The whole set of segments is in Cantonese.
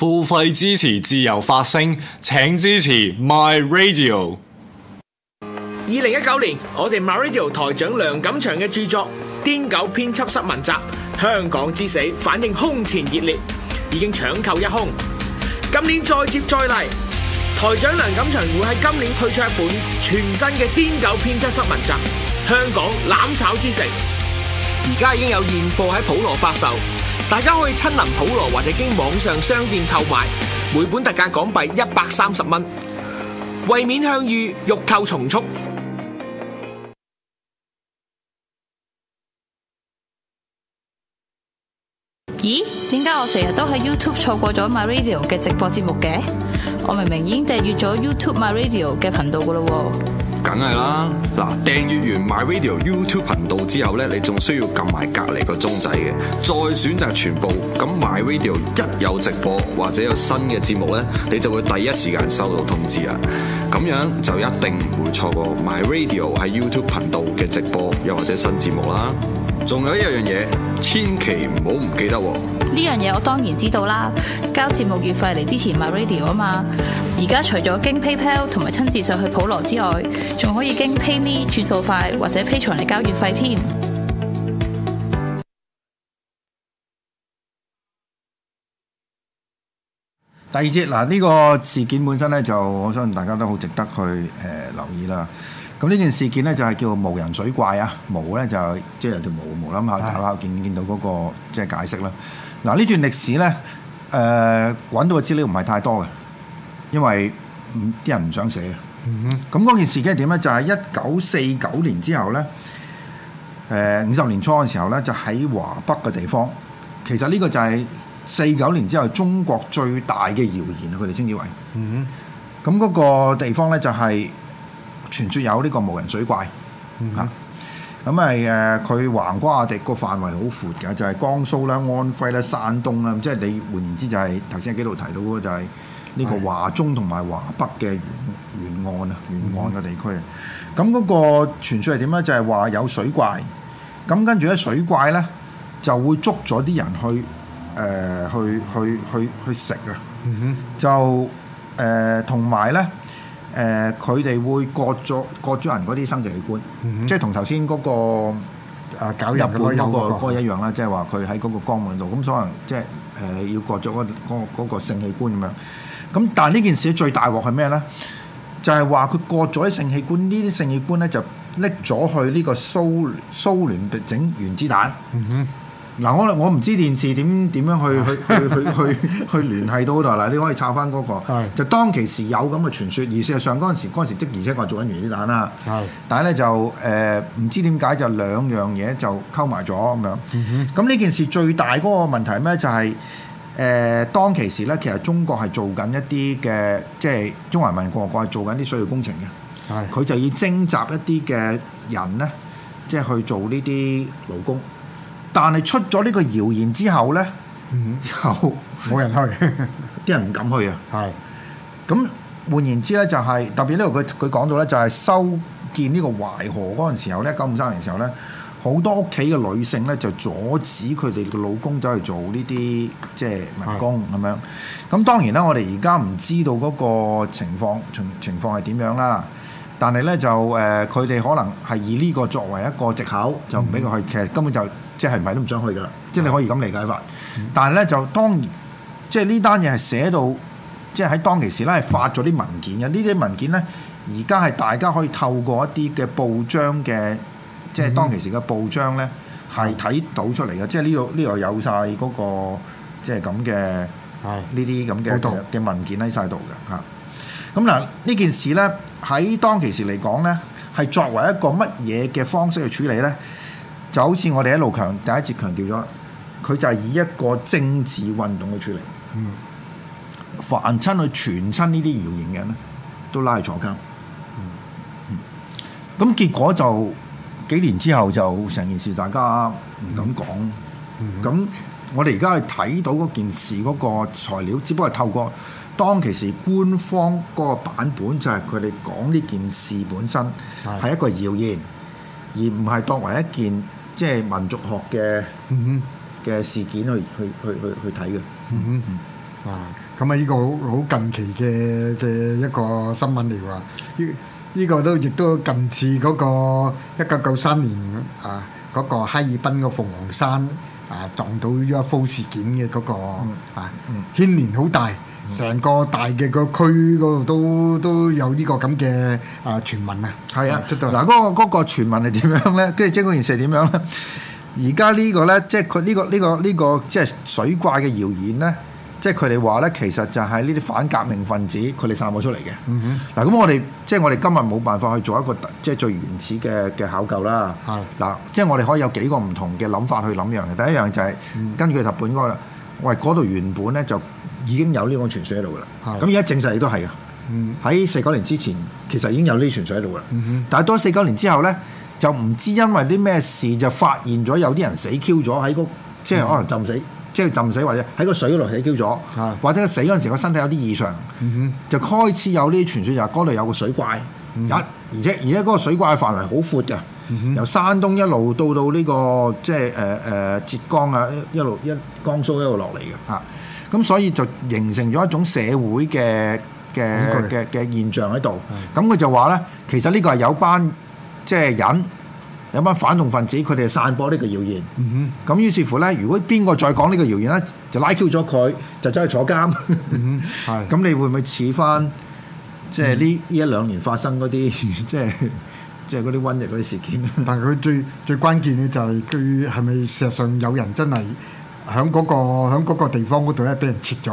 付費支持自由發聲，請支持 My Radio。二零一九年，我哋 My Radio 台長梁錦祥嘅著作《癲狗編輯失文集》香港之死反應空前熱烈，已經搶購一空。今年再接再厲，台長梁錦祥會喺今年推出一本全新嘅《癲狗編輯失文集》香港攬炒之城》，而家已經有現貨喺普羅發售。大家可以親臨普羅或者經網上商店購買，每本特價港幣一百三十蚊。為免向隅，欲購從速。咦，點解我成日都喺 YouTube 錯過咗 MyRadio 嘅直播節目嘅？我明明已經訂閱咗 YouTube My Radio 嘅頻道噶咯，梗係啦。嗱，訂閱完 My Radio YouTube 頻道之後咧，你仲需要撳埋隔籬個鐘仔嘅，再選擇全部。咁 My Radio 一有直播或者有新嘅節目咧，你就會第一時間收到通知啦。咁樣就一定唔會錯過 My Radio 喺 YouTube 頻道嘅直播又或者新節目啦。仲有一樣嘢，千祈唔好唔記得。呢樣嘢我當然知道啦！交節目月費嚟之前 m radio 啊嘛，而家除咗經 PayPal 同埋親自上去普羅之外，仲可以經 PayMe 轉數快或者 Pay 財嚟交月費添。第二節嗱，呢、這個事件本身咧，就我相信大家都好值得去誒、呃、留意啦。咁呢件事件呢，就係叫做無人水怪啊！無咧就即係、就是、有條毛，無諗下睇下見唔見到嗰個即係解釋啦。嗱，段歷呢段歷史咧，誒、呃、揾到嘅資料唔係太多嘅，因為啲、呃、人唔想寫嘅。咁嗰、嗯、哼件事係點咧，就係一九四九年之後咧，誒五十年初嘅時候咧，就喺華北嘅地方。其實呢個就係四九年之後中國最大嘅謠言啊，佢哋稱之為。咁嗰、嗯、哼個地方咧就係傳説有呢個毛人水怪、嗯、哼啊。咁咪誒佢橫跨我哋個範圍好闊嘅，就係江蘇啦、安徽啦、山東啦，即係你換言之就係頭先幾度提到嘅就係呢個華中同埋華北嘅沿沿岸啊、沿岸嘅地區啊。咁嗰、嗯哼嗯嗰個傳説係點呢？就係話有水怪，咁、嗯、跟住咧水怪呢就會捉咗啲人去誒、呃、去去去去食啊。哼，就誒同埋呢。誒，佢哋、呃、會割咗割咗人嗰啲生殖器官，嗯、哼即係同頭先嗰個啊，入、嗰個、日本嗰、嗰個、個一樣啦，即係話佢喺嗰個江門度，咁可能即係誒、呃、要割咗嗰嗰個性器官咁樣。咁但係呢件事最大鑊係咩咧？就係話佢割咗啲性器官，呢啲性器官咧就拎咗去呢個蘇蘇聯整原子彈。嗯、哼。嗱，我我唔知電視點點樣去去去去，去去去去去聯繫到嗰度啦，你可以抄翻嗰個， 就當其時有咁嘅傳說，而事實上嗰陣時嗰時即而且佢做緊原子彈啦， 但係咧就誒唔、呃、知點解就兩樣嘢就溝埋咗咁樣，咁呢、 嗯、哼件事最大嗰個問題係咩？就係、是、誒、呃、當其時咧，其實中國係做緊一啲嘅即係中華人民共和國係做緊啲水利工程嘅，佢 就要徵集一啲嘅人呢，即、就、係、是、去做呢啲勞工。但係出咗呢個謠言之後呢，後冇、嗯、哼又人去，啲 人唔敢去啊。係，咁換言之呢，就係特別呢度佢佢講到呢，就係修建呢個淮河嗰陣時候呢，九五三年時候呢，好多屋企嘅女性呢，就阻止佢哋嘅老公走去做呢啲即係民工咁樣。咁當然啦，我哋而家唔知道嗰個情況情情況係點樣啦。但係呢，就誒，佢哋可能係以呢個作為一個藉口，就唔俾佢去，其實根本就是。即係唔係都唔想去㗎啦，是即係你可以咁理解法。嗯、但係咧就當然，即係呢單嘢係寫到，即係喺當其時咧係發咗啲文件嘅。呢啲文件咧，而家係大家可以透過一啲嘅報章嘅，即係當其時嘅報章咧係睇到出嚟嘅。即係呢度呢度有晒嗰個即係咁嘅，呢啲咁嘅嘅文件喺晒度嘅吓。咁嗱，呢、嗯、件事咧喺當其時嚟講咧，係作為一個乜嘢嘅方式去處理咧？就好似我哋一路強第一次強調咗佢就係以一個政治運動去處理，嗯、凡犯親去傳親呢啲謠言嘅人咧，都拉去坐監。咁、嗯嗯嗯、結果就幾年之後就成件事大家唔敢講。咁、嗯嗯、我哋而家去睇到嗰件事嗰個材料，只不過透過當其時官方嗰個版本，就係佢哋講呢件事本身係一個謠言，而唔係當為一件。即係民族學嘅嘅事件去去去去睇嘅，啊，咁啊呢個好好近期嘅嘅一個新聞嚟㗎，呢、這、依個都亦、這個、都近似嗰個一九九三年、嗯、啊嗰、那個哈爾濱嘅鳳凰山啊撞到 UFO 事件嘅嗰、那個、嗯嗯、啊牽連好大。成個大嘅個區嗰度都都有呢個咁嘅啊傳聞啊，係啊出到嗱嗰個嗰、那個傳聞係點樣咧？跟住張官賢成點樣咧？而家呢個咧，即係佢呢個呢、就是這個呢、這個即係、這個、水怪嘅謠言咧，即係佢哋話咧，其實就係呢啲反革命分子佢哋散播出嚟嘅。嗯、哼，嗱咁我哋即係我哋今日冇辦法去做一個即係、就是、最原始嘅嘅考究啦。係嗱是，即係、就是、我哋可以有幾個唔同嘅諗法去諗樣嘅。第一樣就係、是、根據日本嗰個喂嗰度原本咧就。已經有呢個泉水喺度噶啦，咁而家證實亦都係嘅。喺四九年之前，其實已經有呢啲泉水喺度噶啦。但係到四九年之後咧，就唔知因為啲咩事就發現咗有啲人死 Q 咗喺個，即係可能浸死，即係浸死或者喺個水嗰度死 Q 咗，或者死嗰陣時個身體有啲異常，就開始有啲傳説就係嗰度有個水怪，而且而且嗰個水怪範圍好闊嘅，由山東一路到到呢個即係誒誒浙江啊，一路一江蘇一路落嚟嘅啊。咁所以就形成咗一種社會嘅嘅嘅嘅現象喺度。咁佢是的 就話咧，其實呢個係有班即係人有班反動分子，佢哋散播呢個謠言。咁、嗯、於是乎咧，如果邊個再講呢個謠言咧，就拉 Q 咗佢，就走去坐監。咁、 嗯、你會唔會似返即係呢呢一兩年發生嗰啲即係即係嗰啲瘟疫嗰啲事件？ 但係佢最最關鍵咧就係佢係咪事實上有人真係？喺嗰個喺嗰個地方嗰度咧，俾人切咗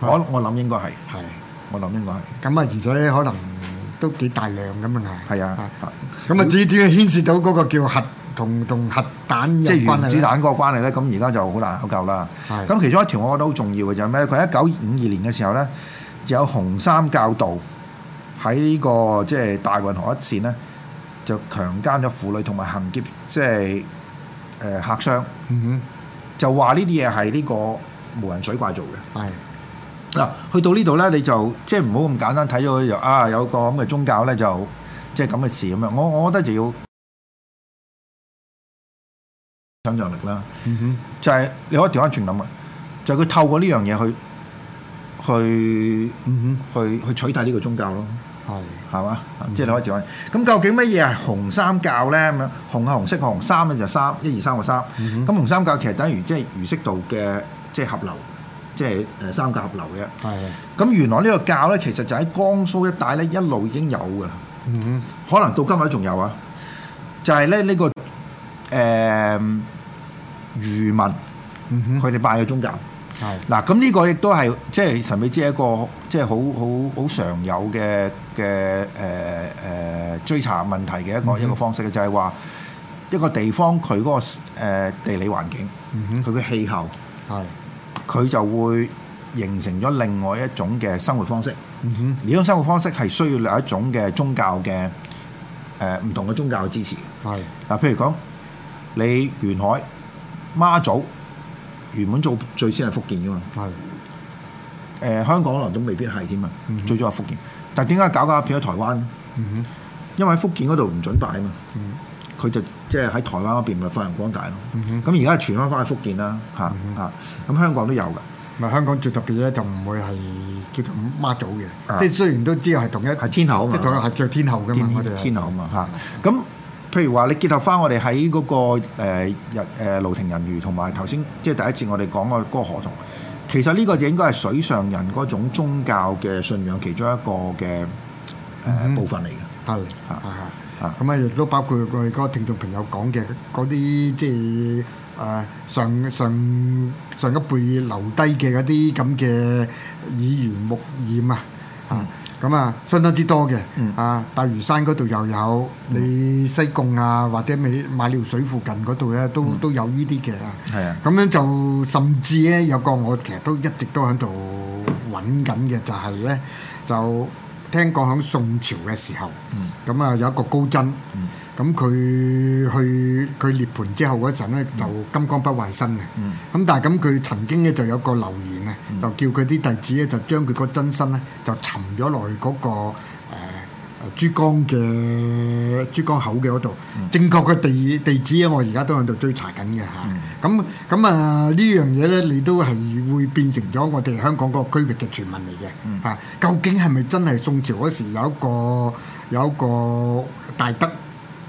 係。我我諗應該係係，係我諗應該係。咁啊係，而且可能都幾大量咁啊，係。係啊，咁啊，至於牽涉到嗰個叫核同同核彈即係原子彈嗰個關係咧。咁而家就好難考究啦。咁係其中一條我覺得好重要嘅就係咩？佢喺一九五二年嘅時候咧，就有紅三教導喺呢個即係大運河一線咧，就強姦咗婦女同埋行劫即係誒客商。嗯哼。就話呢啲嘢係呢個無人水怪做嘅。係嗱的，去到呢度咧，你就即係唔好咁簡單睇咗佢，啊，有個咁嘅宗教咧，就即係咁嘅事咁樣。我我覺得就要想像力啦。哼，就係、是、你可以調翻轉諗啊，就佢、是、透過呢樣嘢去去、嗯、去去取締呢個宗教咯。哦，係嘛，即係你可以講。咁、嗯、哼究竟乜嘢係紅三教咧？咁樣紅啊，紅，紅色嘅紅，紅三咧就三一二三個三。咁、嗯、哼紅三教其實等於即係儒釋道嘅即係合流，即係誒三教合流嘅。係的。咁原來呢個教咧，其實就喺江蘇一帶咧一路已經有㗎。嗯哼可能到今日都仲有啊？就係咧呢個誒、呃、漁民，佢哋、嗯、哼拜嘅宗教。係的。嗱，咁呢個亦都係即係神秘之一個，即係好好好常有嘅。嘅誒誒追查問題嘅一個、mm hmm. 一個方式嘅就係話一個地方佢嗰、嗰個、呃、地理環境，佢嘅、mm hmm. 氣候係佢、mm hmm. 就會形成咗另外一種嘅生活方式。呢、mm hmm. 種生活方式係需要另一種嘅宗教嘅誒唔同嘅宗教嘅支持。係嗱、mm，譬、hmm. 如講你沿海媽祖原本做最先係福建㗎嘛，係誒、mm hmm. 呃、香港可能都未必係添啊，最早係福建。Mm mm 但點解搞架片喺台灣？因為喺福建嗰度唔準擺啊嘛，佢 就即係喺台灣嗰邊咪發揚光大咯。咁而家傳翻翻去福建啦，嚇嚇。咁、 啊、香港都有嘅，咪香港最特別嘅就唔會係叫做媽祖嘅，即係、嗯、雖然都知係同一係天后啊嘛，係同一係叫天后嘅天后，嘛天后嘛啊嘛嚇。咁、啊、譬如話你結合翻我哋喺嗰個誒日誒《盧亭人魚》同埋頭先即係第一次我哋講嘅《河童》。其實呢個就應該係水上人嗰種宗教嘅信仰其中一個嘅誒部分嚟嘅。係啊啊，咁啊，亦都包括佢哋嗰個聽眾朋友講嘅嗰啲即係誒、呃、上上上一輩留低嘅嗰啲咁嘅耳濡目染啊啊。咁啊，相當之多嘅，嗯、啊大嶼山嗰度又有，嗯、你西貢啊或者你馬料水附近嗰度咧，都都有呢啲嘅啊。係啊，咁樣就甚至咧有個我其實都一直都喺度揾緊嘅，就係、是、咧就聽講喺宋朝嘅時候，咁啊、嗯、有一個高僧。嗯咁佢去佢涅槃之後嗰陣咧，就金剛不壞身嘅。咁、嗯、但係咁佢曾經咧就有個留言啊，就叫佢啲弟子咧就將佢個真身咧就沉咗落去嗰、那個誒、呃、珠江嘅珠江口嘅嗰度。嗯、正確嘅地地址咧，我而家都喺度追查緊嘅嚇。咁咁、嗯、啊樣呢樣嘢咧，你都係會變成咗我哋香港個區域嘅傳聞嚟嘅嚇。究竟係咪真係宋朝嗰時有一個有一個大德？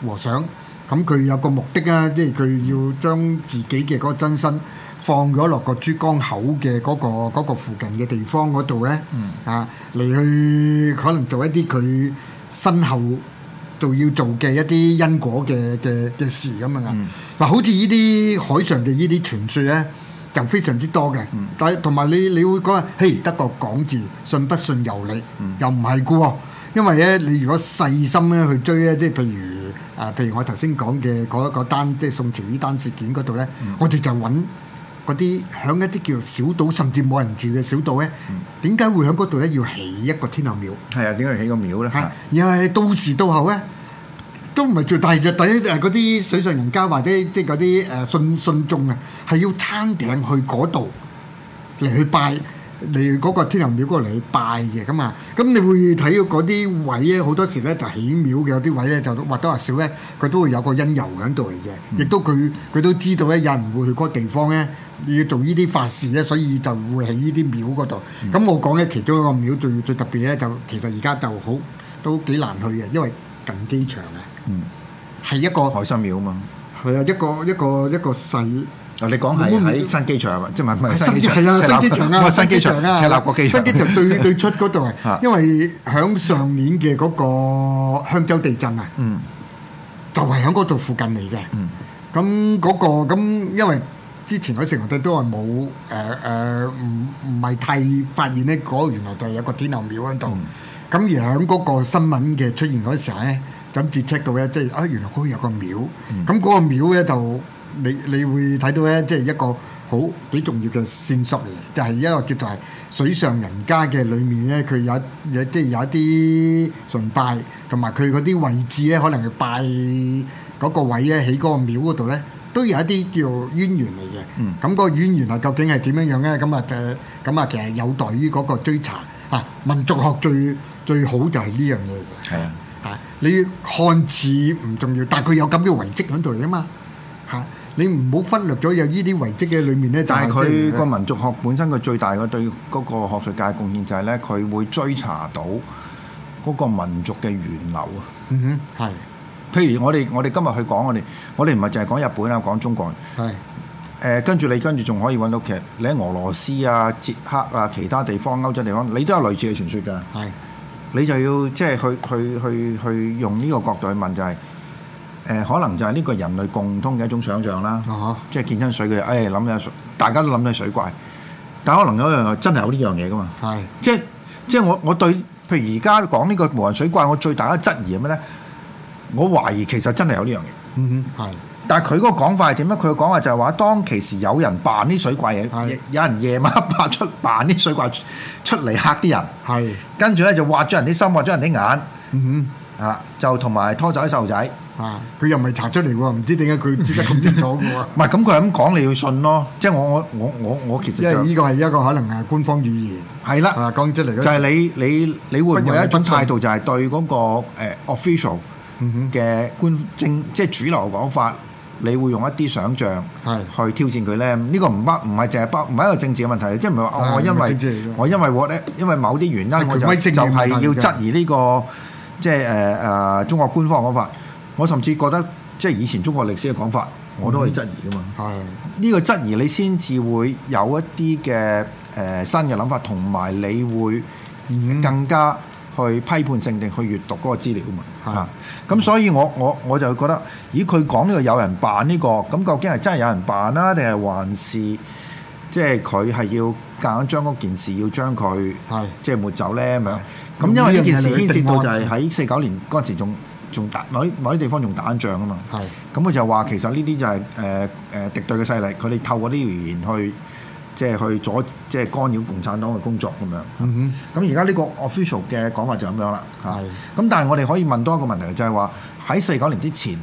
和尚，咁佢有個目的啊，即係佢要將自己嘅嗰個真身放咗落個珠江口嘅嗰、嗰個嗰個附近嘅地方嗰度呢。嗯、啊嚟去可能做一啲佢身後做要做嘅一啲因果嘅嘅嘅事，咁啊嗱，嗯、好似呢啲海上嘅呢啲傳説呢，就非常之多嘅，嗯、但係同埋你你會覺得：「嘿得個講字，信不信由你，又唔係㗎喎，因為呢，你如果細心咧去追呢，即係譬如。誒、啊，譬如我頭先講嘅嗰嗰單，即係宋朝呢單事件嗰度咧，嗯、我哋就揾嗰啲喺一啲叫小島，甚至冇人住嘅小島咧，點解、嗯、會喺嗰度咧要起一個天后廟？係啊，點解要起個廟咧？嚇、啊！而係到時到後咧，都唔係最大隻，第一就係嗰啲水上人家或者即係嗰啲誒信信眾啊，係要撐艇去嗰度嚟去拜。嗯你嗰個天后廟嗰度嚟拜嘅咁啊，咁你會睇到嗰啲位咧，好多時咧就起廟嘅有啲位咧就或多或少咧，佢都會有個因由喺度嚟嘅。亦、嗯、都佢佢都知道咧，有人會去嗰個地方咧，要做呢啲法事咧，所以就會喺呢啲廟嗰度。咁、嗯、我講嘅其中一個廟最最特別咧，就是，就其實而家就好都幾難去嘅，因為近機場啊。嗯，係一個海心廟啊嘛。係啊，一個一個一個細。啊！你講係喺新機場啊？即係唔係新機場？係啊，新機場啊，新機場啊，赤鱲角機場。新機場對對出嗰度啊，因為響上年嘅嗰個香洲地震啊，就係喺嗰度附近嚟嘅。咁嗰個咁，因為之前嗰成日都都冇誒誒，唔唔係太發現呢。嗰原來就係有個天后廟喺度。咁而喺嗰個新聞嘅出現嗰陣時咧，咁 detect 到咧，即係啊，原來嗰度有個廟。咁嗰個廟咧就。你你會睇到咧，即係一個好幾重要嘅線索嚟，就係、是、一個叫做係水上人家嘅裏面咧，佢有有即係有一啲崇拜，同埋佢嗰啲位置咧，可能去拜嗰個位咧，喺嗰個廟嗰度咧，都有一啲叫淵源嚟嘅。嗯。咁嗰個淵源啊，究竟係點樣樣咧？咁啊誒，咁、呃、啊其實有待於嗰個追查嚇、啊。民族學最最好就係呢樣嘢。係的啊。嚇！你看似唔重要，但係佢有咁嘅遺跡喺度嚟啊嘛嚇。啊。你唔好忽略咗有呢啲遺跡嘅裏面咧，但係佢個民族學本身佢最大嘅對嗰個學術界嘅貢獻就係咧，佢會追查到嗰個民族嘅源流啊。嗯、哼，係。譬如我哋我哋今日去講我哋，我哋唔係淨係講日本啊，講中國。係是。誒、呃，跟住你跟住仲可以揾到其實，你喺俄羅斯啊、捷克啊、其他地方歐洲地方，你都有類似嘅傳說㗎。係是。你就要即係去去去去，去用呢個角度去問就係、是。誒可能就係呢個人類共通嘅一種想像啦，即係見親水嘅，誒諗咗，大家都諗咗水怪，但可能有一樣真係有呢樣嘢噶嘛，即係即係我我對，譬如而家講呢個無人水怪，我最大嘅質疑係咩咧？我懷疑其實真係有呢樣嘢，嗯哼，係，但係佢嗰個講法係點咧？佢嘅講法就係話，當其時有人扮啲水怪，有人夜晚拍出扮啲水怪出嚟嚇啲人，係，跟住咧就挖咗人啲心，挖咗人啲眼，哼，啊，就同埋拖走啲細路仔。esta an 啊！佢又唔係查出嚟喎，唔知點解佢知得咁清楚嘅喎。唔係咁，佢係咁講，你要信咯。即、就、係、是、我我我我我其實即係呢個係一個可能係官方語言。係啦 Yeah,。啊，講完嚟咗。就係你你你會唔會是是有一種態度就，就係對嗰個誒 official 嘅官政即係主流講法，你會用一啲想像係去挑戰佢咧？呢、呢個唔不唔係淨係不唔係一個政治嘅問題，即係唔係話我因為我因為 what 咧，因為某啲原因，威我就就係要質疑呢、呢個即係誒誒中國官方講法。呃嗯啊啊啊啊啊我甚至覺得，即係以前中國歷史嘅講法，嗯、我都可以質疑㗎嘛。係呢的個質疑，你先至會有一啲嘅誒新嘅諗法，同埋你會更加去批判性地去閱讀嗰個資料啊嘛。嚇的！咁、啊、所以我，我我我就覺得，咦？佢講呢個有人辦呢、這個，咁究竟係真係有人辦啦、啊？定係還是即係佢係要夾硬將嗰件事要將佢的即係抹走咧咁樣？咁因為呢件事牽涉到就係喺四九年嗰陣時仲。仲打某啲某啲地方，仲打仗啊嘛，咁佢是就話其實呢啲就係誒誒敵對嘅勢力，佢哋透過呢啲語言去即係去阻即係干擾共產黨嘅工作咁樣。咁而家呢個 official 嘅講法就咁樣啦。咁是但係我哋可以問多一個問題，就係話喺四九年之前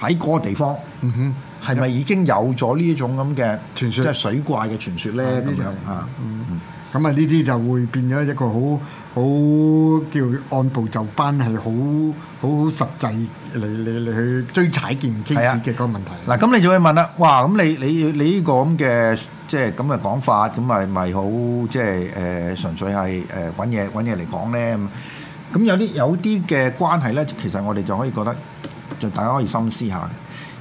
喺嗰個地方，係咪、嗯、哼已經有咗呢一種咁嘅說即係水怪嘅傳說咧咁樣啊？嗯嗯咁啊，呢啲就會變咗一個好好叫按部就班，係好好好實際嚟嚟嚟去追查件 case 嘅嗰個問題。嗱，咁你就會問啦，哇！咁你你你呢個咁嘅即係咁嘅講法，咁咪咪好即係誒、呃、純粹係誒揾嘢揾嘢嚟講咧？咁咁有啲有啲嘅關係咧，其實我哋就可以覺得就大家可以深思下，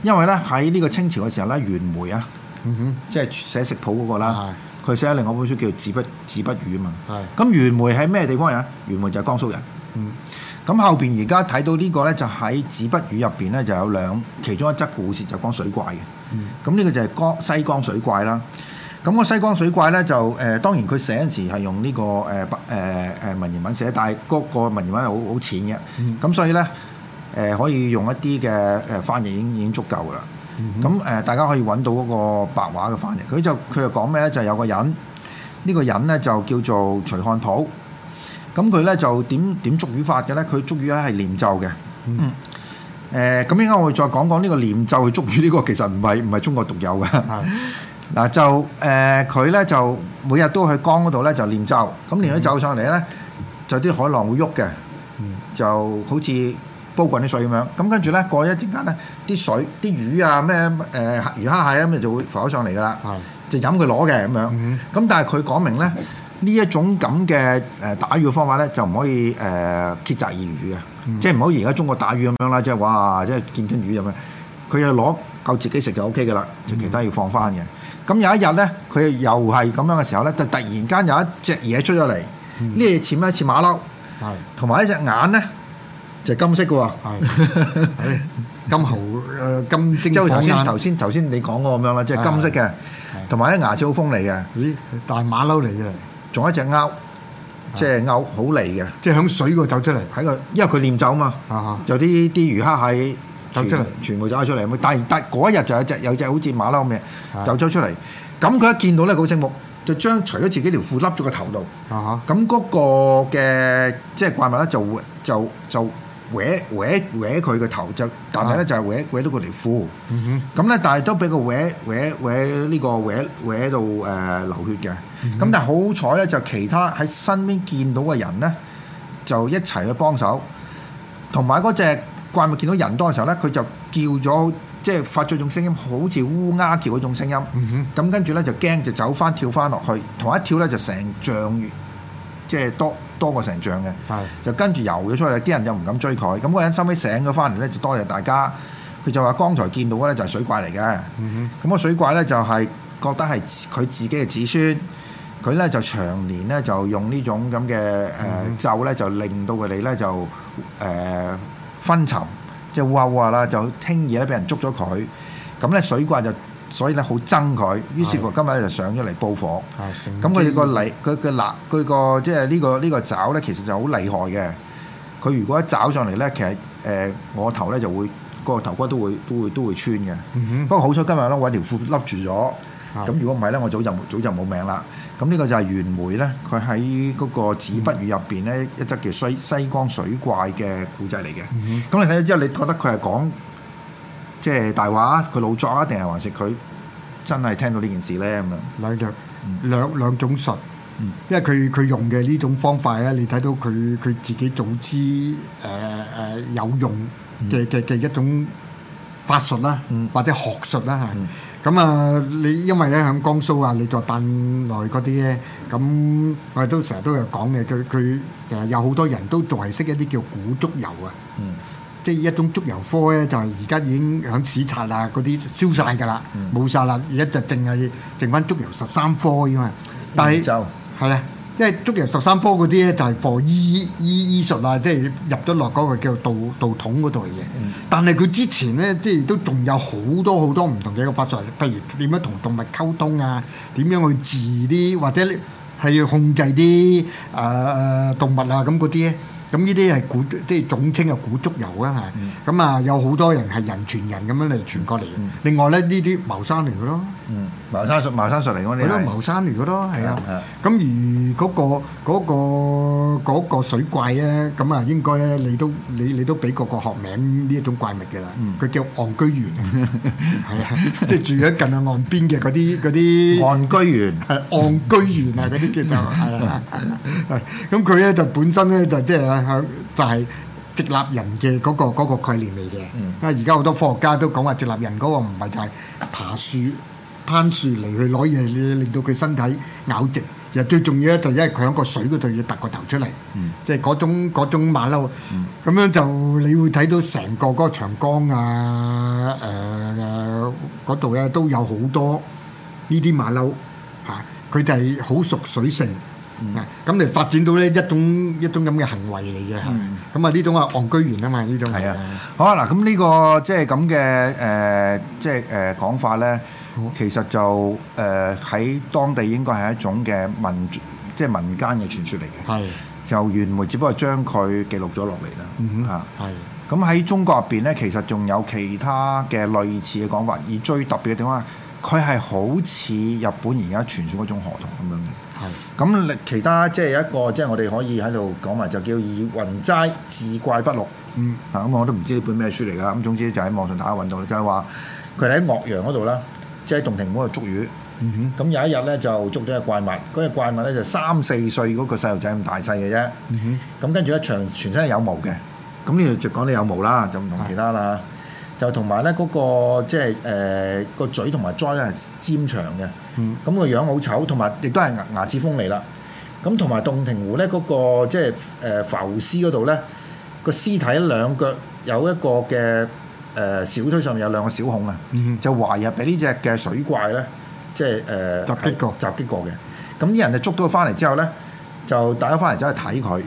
因為咧喺呢個清朝嘅時候咧，袁枚啊，嗯、哼，即係寫食譜嗰、那個啦。佢寫咗另外一本書叫做《子不子不語》啊嘛，咁是袁枚喺咩地方人呀？袁枚就係江蘇人。嗯，咁後邊而家睇到個呢個咧，就喺《子不語》入邊咧就有兩其中一則故事就講水怪嘅。咁呢、嗯、個就係江西江水怪啦。咁、那個西江水怪咧就誒、呃，當然佢寫嗰陣時係用呢、這個誒不誒文言文寫，但係嗰個文言文係好好淺嘅。咁、嗯、所以咧誒、呃、可以用一啲嘅誒翻譯已經已經足夠噶啦。咁誒，嗯、大家可以揾到嗰個白話嘅翻譯。佢就佢就講咩咧？就有個人，呢、呢個人咧就叫做徐漢普。咁佢咧就點點捉魚法嘅咧？佢捉魚咧係唸咒嘅。嗯。咁應該我會再講講呢個唸咒去捉魚呢個，其實唔係唔係中國獨有嘅。嗱、嗯、 就誒，佢、呃、咧就每日都去江嗰度咧就唸咒。咁唸咗咒上嚟咧，嗯、就啲海浪會喐嘅，就好似。煲滾啲水咁樣，咁跟住咧過一陣間咧，啲水、啲魚啊咩誒魚蝦蟹啊，咁就會浮起上嚟噶啦。就飲佢攞嘅咁樣。咁但係佢講明咧，呢一種咁嘅誒打魚嘅方法咧，就唔可以誒竭澤而漁嘅，呃嗯、即係唔好而家中國打魚咁樣啦，即係話即係見吞魚咁樣。佢係攞夠自己食就 O K 嘅啦，就其他要放翻嘅。咁、嗯、有一日咧，佢又係咁樣嘅時候咧，就突然間有一隻嘢出咗嚟，呢嘢似咩似馬騮，同埋一隻眼咧。就金色嘅喎，金猴誒金，即火山，頭先頭先頭先你講過咁樣啦，即係金色嘅，同埋啲牙齒好鋒利嘅。咦，大馬騮嚟嘅，仲有一隻鈎，即係鈎好利嘅，即係響水嗰度走出嚟，喺個，因為佢唸走啊嘛，就啲啲魚蝦蟹走出嚟，全部走出嚟。但但嗰一日就有隻有隻好似馬騮咁嘅走出嚟，咁佢一見到咧，好醒目，就將除咗自己條褲笠咗個頭度。啊咁嗰個嘅即係怪物咧，就就就。歪歪搲佢個頭就，但係咧就係搲搲到佢嚟呼，咁咧、嗯、哼但係都俾佢搲搲搲呢個搲搲到誒、呃、流血嘅，咁、嗯、哼但係好彩咧就其他喺身邊見到嘅人咧就一齊去幫手，同埋嗰隻怪物見到人多嘅時候咧，佢就叫咗，即、就、係、是、發咗種聲音，好似烏鴉叫嗰種聲音，咁、嗯、哼跟住咧就驚就走翻跳翻落去，同一跳咧就成象魚，即、就、係、是、多。多過成仗嘅，就跟住游咗出去，啲人又唔敢追佢，咁嗰人收尾醒咗翻嚟咧，就多謝大家。佢就話剛才見到嘅咧就係水怪嚟嘅，咁個水怪咧就係覺得係佢自己嘅子孫，佢咧就長年咧就用呢種咁嘅誒咒咧，就令到佢哋咧就誒分沉，即係鬱啦就輕易咧俾人捉咗佢，咁咧水怪就。所以咧好憎佢，於是乎今日就上咗嚟報火。咁佢哋個利、佢個嗱、佢個即係呢個呢個爪咧，其實就好厲害嘅。佢如果一爪上嚟咧，其實誒我頭咧就會個頭骨都會都會都會穿嘅。不過好彩今日咧我條褲笠住咗。咁如果唔係咧，我早就早就冇命啦。咁呢個就係袁枚咧，佢喺嗰個《子不語》入邊咧一則叫《西西江水怪》嘅古仔嚟嘅。咁你睇咗之後，你覺得佢係講？即係大話，佢老作啊？定係還是佢真係聽到呢件事咧？咁樣兩兩兩種術，因為佢佢用嘅呢種方法咧，你睇到佢佢自己總之誒誒有用嘅嘅嘅一種法術啦，或者學術啦嚇。咁啊，你因為咧喺江蘇啊，你再辦內嗰啲咧，咁我哋都成日都有講嘅。佢佢誒有好多人都仲係識一啲叫古竹油啊。即係一種祝由科咧，嗯，就係而家已經響史冊啊嗰啲燒晒㗎啦，冇晒啦。而家就淨係剩翻祝由十三科㗎嘛。但係就係啊，因為祝由十三科嗰啲咧就係課醫醫醫術啊，即係入咗落嗰個叫道道統嗰度嘅。嗯、但係佢之前咧，即係都仲有好多好多唔同嘅一個法術，譬如點樣同動物溝通啊，點樣去治啲或者係要控制啲啊、呃、動物啊咁嗰啲咧。咁呢啲係古，即係總稱係古竹油啊，係。咁啊，有好多人係人傳人咁樣嚟傳過嚟嘅。另外咧，呢啲茅山嚟嘅囉。嗯，茅山術、茅山術嚟嘅，你都茅山嚟嘅咯，係啊。咁、啊嗯、而嗰、嗰個嗰、嗰個那個水怪咧，咁啊，應該你都你你都俾個個學名呢一種怪物嘅啦。佢叫岸居猿，係、嗯、 啊，即、就、係、係、住喺近岸邊嘅嗰啲啲。岸居猿係岸居猿啊，嗰啲叫做係咁佢咧就本身咧就即、係、係就係、係、直立人嘅嗰個概念嚟嘅。而家好多科學家都講話直立人嗰個唔係就係爬樹。攀樹嚟去攞嘢，你令到佢身體咬直。又最重要咧，就因為佢喺個水嗰度要凸個頭出嚟，即係嗰種嗰種馬騮。咁樣就你會睇到成個嗰長江啊，誒嗰度咧都有好多呢啲馬騮嚇，佢就係好熟水性啊。咁嚟發展到咧一種一種咁嘅行為嚟嘅，咁啊呢種啊安居園啊嘛，呢種係啊。好啊嗱，咁呢個即係咁嘅誒，即係誒講法咧。好其實就誒喺、呃、當地應該係一種嘅民即係、就是、民間嘅傳說嚟嘅，就袁枚只不過將佢記錄咗落嚟啦。嗯哼咁喺的中國入邊咧，其實仲有其他嘅類似嘅講法。而最特別嘅點話，佢係好似日本而家傳説嗰種河童咁樣。係咁的，其他即係、就是、一個即係、就是、我哋可以喺度講埋，就叫以雲齋自怪不錄。嗯，啊咁、嗯、我都唔知呢本咩書嚟㗎。咁總之就喺網上打下到，動、就是，就係話佢喺岳陽嗰度啦。即係洞庭湖啊，捉魚，咁、嗯、哼有一日咧就捉咗隻怪物，嗰、那、隻、個、怪物咧就三四歲嗰個細路仔咁大細嘅啫，咁、嗯、哼跟住一場全身係有毛嘅，咁呢度就講你有毛啦，就唔同其他啦、啊那個，就同埋咧嗰個即係誒個嘴同埋爪咧係尖長嘅，咁、嗯、個樣好醜，同埋亦都係牙齒鋒利啦，咁同埋洞庭湖咧、那、嗰個即係誒浮屍嗰度咧個屍體兩腳有一個嘅。誒、呃、小腿上面有兩個小孔啊、嗯，就懷疑俾呢隻嘅水怪咧，即係誒襲擊過襲擊過嘅。咁、嗯、啲人就捉到佢翻嚟之後咧，就大家翻嚟走去睇佢。咁、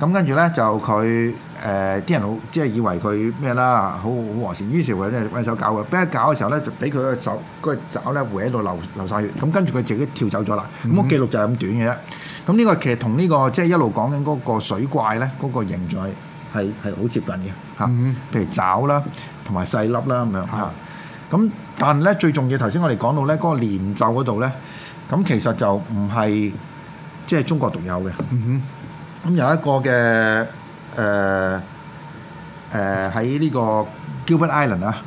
嗯、跟住咧就佢誒啲人好即係以為佢咩啦，好好和善，於善。於是乎咧揾手搞佢嘅，邊搞嘅時候咧就俾佢個手個爪咧搲到流流晒血。咁跟住佢自己跳走咗啦。咁、嗯、個記錄就係咁短嘅啫。咁呢個其實同呢、這個即係、就是、一路講緊嗰個水怪咧，嗰、那個形象。係係好接近嘅嚇，譬如爪啦，同埋細粒啦咁樣嚇。咁但係咧，最重要頭先我哋講到咧嗰個連奏嗰度咧，咁其實就唔係即係中國獨有嘅。咁有一個嘅誒誒喺呢個 Gilbert Island 啊，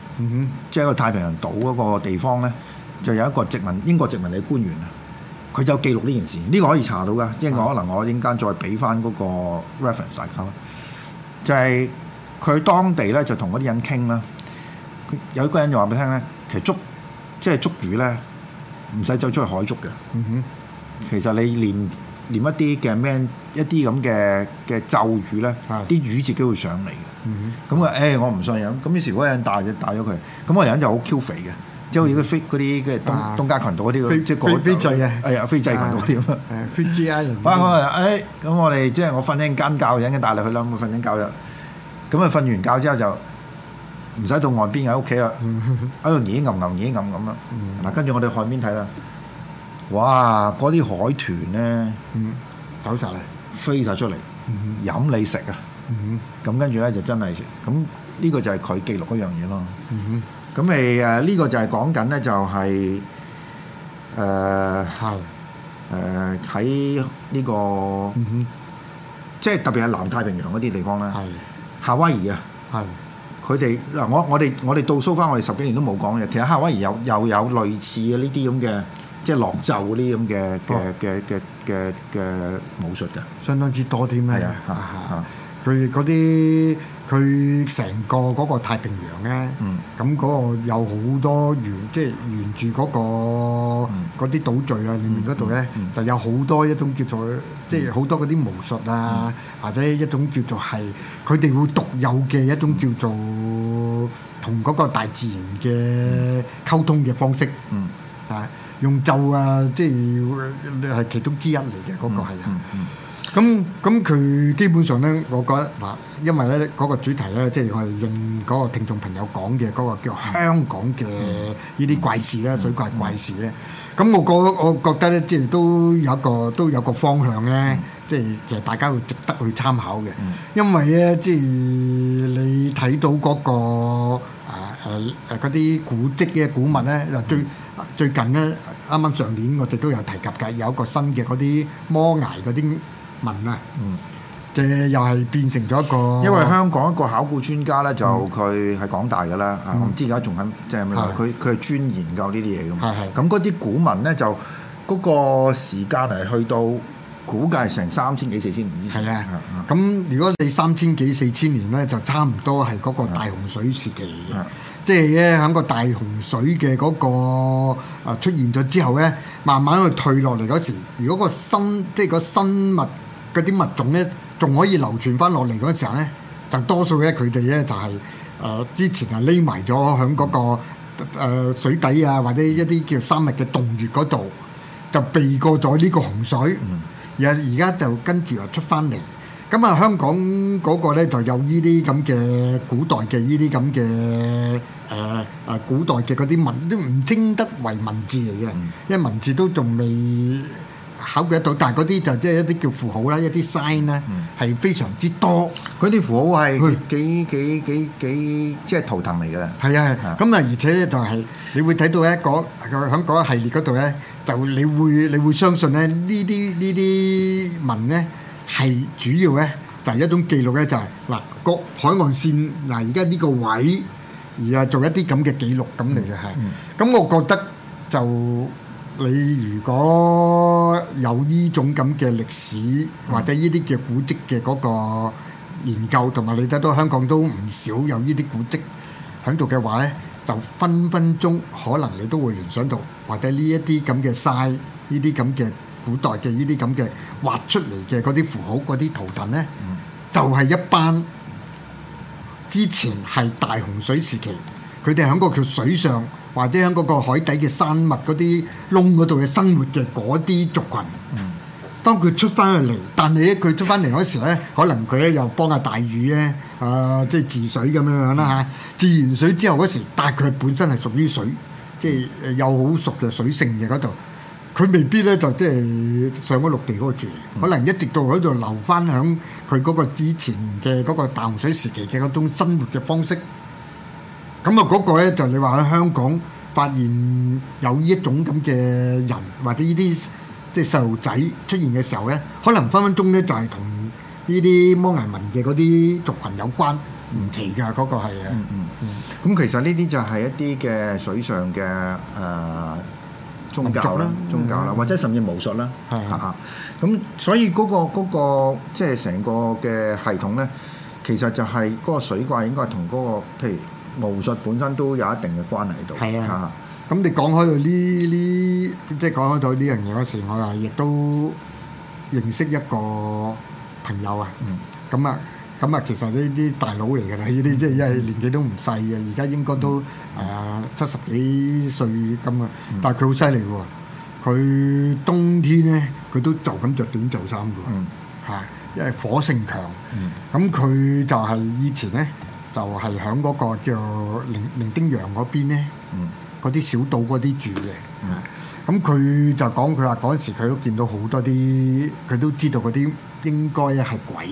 即係一個太平洋島嗰個地方咧，就有一個殖民英國殖民嘅官員，佢就記錄呢件事，呢個可以查到㗎。即係我可能我陣間再俾翻嗰個 reference 大家。就係佢當地咧，就同嗰啲人傾啦。有一個人就話俾你聽咧，其實捉即係捉魚咧，唔使走出去海捉嘅。其實你念念一啲嘅咩一啲咁嘅嘅咒語咧，啲魚自己會上嚟嘅。咁啊誒，我唔信任。咁於是嗰個人帶咗帶咗佢，咁個人就好 Q 肥嘅。即係嗰啲飛嗰啲嘅東加群島嗰啲，即係嗰啲飛啊！哎呀，斐濟群島啲啊！誒，飛啊！我誒咁，我哋即係我瞓緊間覺，忍緊帶你去啦！我瞓緊覺啦，咁啊瞓完覺之後就唔使到岸邊喺屋企啦，喺度已嘢撳撳嘢撳咁啦。嗱，跟住我哋海邊睇啦，哇！嗰啲海豚咧，走晒嚟，飛晒出嚟，飲你食啊！咁跟住咧就真係，咁呢個就係佢記錄嗰樣嘢咯。咁咪呢個就係講緊呢，就係誒誒喺呢個，即係特別係南太平洋嗰啲地方咧。係夏威夷啊！係佢哋嗱，我我哋我哋倒數返，我哋十幾年都冇講嘅。其實夏威夷有又有類似嘅呢啲咁嘅，即係樂奏嗰啲咁嘅嘅嘅嘅嘅嘅武術嘅，相當之多添咩？係啊，佢嗰啲。佢成個嗰個太平洋咧，咁嗰個有好多沿即係沿住嗰個嗰啲島嶼啊，裏面嗰度咧就有好多一種叫做即係好多嗰啲巫術啊，或者一種叫做係佢哋會獨有嘅一種叫做同嗰個大自然嘅溝通嘅方式，啊，用咒啊，即係係其中之一嚟嘅嗰個係啊。咁咁佢基本上咧，我覺得嗱，因為咧嗰個主題咧，即係我用嗰個聽眾朋友講嘅嗰個叫香港嘅呢啲怪事咧，水怪怪事咧。咁我個我覺得咧，即係都有一個都有個方向咧，即係其實大家會值得去參考嘅。因為咧，即係你睇到嗰個啊誒誒嗰啲古蹟嘅古物咧，又最最近咧，啱啱上年我哋都有提及嘅，有一個新嘅嗰啲摩崖嗰啲。文啊，嗯、mm. mm. yes. yeah. yes. mm.，嘅又係變成咗一個。因為香港一個考古專家咧，就佢係廣大嘅啦，嚇。我唔知而家仲肯，即係佢佢係專研究呢啲嘢嘅嘛。係係。咁嗰啲古文咧，就嗰個時間係去到估計成三千幾四千年。係啊。咁如果你三千幾四千年咧，就差唔多係嗰個大洪水時期嘅。即係咧，喺個大洪水嘅嗰個啊出現咗之後咧，慢慢去退落嚟嗰時，如果個生即係個生物。嗰啲物種咧，仲可以流傳翻落嚟嗰陣時候咧，就多數咧佢哋咧就係、是、誒、呃、之前啊匿埋咗喺嗰個、呃、水底啊，或者一啲叫生物嘅洞穴嗰度，就避過咗呢個洪水。嗯、而家就跟住又出翻嚟。咁啊、嗯，香港嗰個咧就有呢啲咁嘅古代嘅呢啲咁嘅誒誒古代嘅嗰啲文都唔稱得為文字嚟嘅，嗯、因為文字都仲未。考佢得到，但係嗰啲就即係一啲叫符號啦，一啲 sign 啦，係非常之多。嗰啲符號係幾幾幾幾即係圖騰嚟㗎。係啊係。咁啊，而且咧就係你會睇到喺嗰個喺嗰一系列嗰度咧，就你會你會相信咧呢啲呢啲文咧係主要咧就係一種記錄咧就係嗱，個海岸線嗱，而家呢個位而家做一啲咁嘅記錄咁嚟嘅係。咁我覺得就。你如果有呢種咁嘅歷史，或者呢啲嘅古蹟嘅嗰個研究，同埋你睇到香港都唔少有呢啲古蹟喺度嘅話呢，就分分鐘可能你都會聯想到，或者呢一啲咁嘅曬，呢啲咁嘅古代嘅呢啲咁嘅畫出嚟嘅嗰啲符號、嗰啲圖騰呢，就係、是、一班之前係大洪水時期，佢哋喺個叫水上。或者喺嗰個海底嘅生物嗰啲窿嗰度嘅生活嘅嗰啲族群，嗯，當佢出翻去嚟，但係佢出翻嚟嗰時咧，可能佢咧又幫下大禹呢，啊、呃，即係治水咁樣樣啦嚇，嗯、治完水之後嗰時，但係佢本身係屬於水，即係有好熟嘅水性嘅嗰度，佢未必呢，就即係上咗陸地嗰度住，可能一直到喺度留翻響佢嗰個之前嘅嗰個大洪水時期嘅嗰種生活嘅方式。咁啊，嗰個咧就你話喺香港發現有呢一種咁嘅人或者呢啲即係細路仔出現嘅時候咧，可能分分鐘咧就係同呢啲摩崖文嘅嗰啲族群有關，唔奇㗎，嗰個係嘅。嗯嗯嗯。咁其實呢啲就係一啲嘅水上嘅誒宗教啦、宗教啦，或者甚至巫術啦。係係。咁所以嗰個嗰個即係成個嘅系統咧，其實就係嗰個水怪應該係同嗰個譬如，巫術本身都有一定嘅關係喺度。係啊，咁、啊、你講開到呢啲，即係講開到呢樣嘢嗰時，我啊亦都認識一個朋友、嗯、啊。咁啊，咁啊，其實呢啲大佬嚟㗎啦，呢啲即係年紀都唔細嘅，而家應該都係七十幾歲咁啊。但係佢好犀利喎，佢冬天咧佢都就咁着短袖衫㗎喎。嗯、嚇！因為火性強。嗯。咁佢就係以前咧。就係喺嗰個叫伶伶仃洋嗰邊咧，嗰啲小島嗰啲住嘅，咁佢就講佢話嗰陣時佢都見到好多啲，佢都知道嗰啲應該係鬼，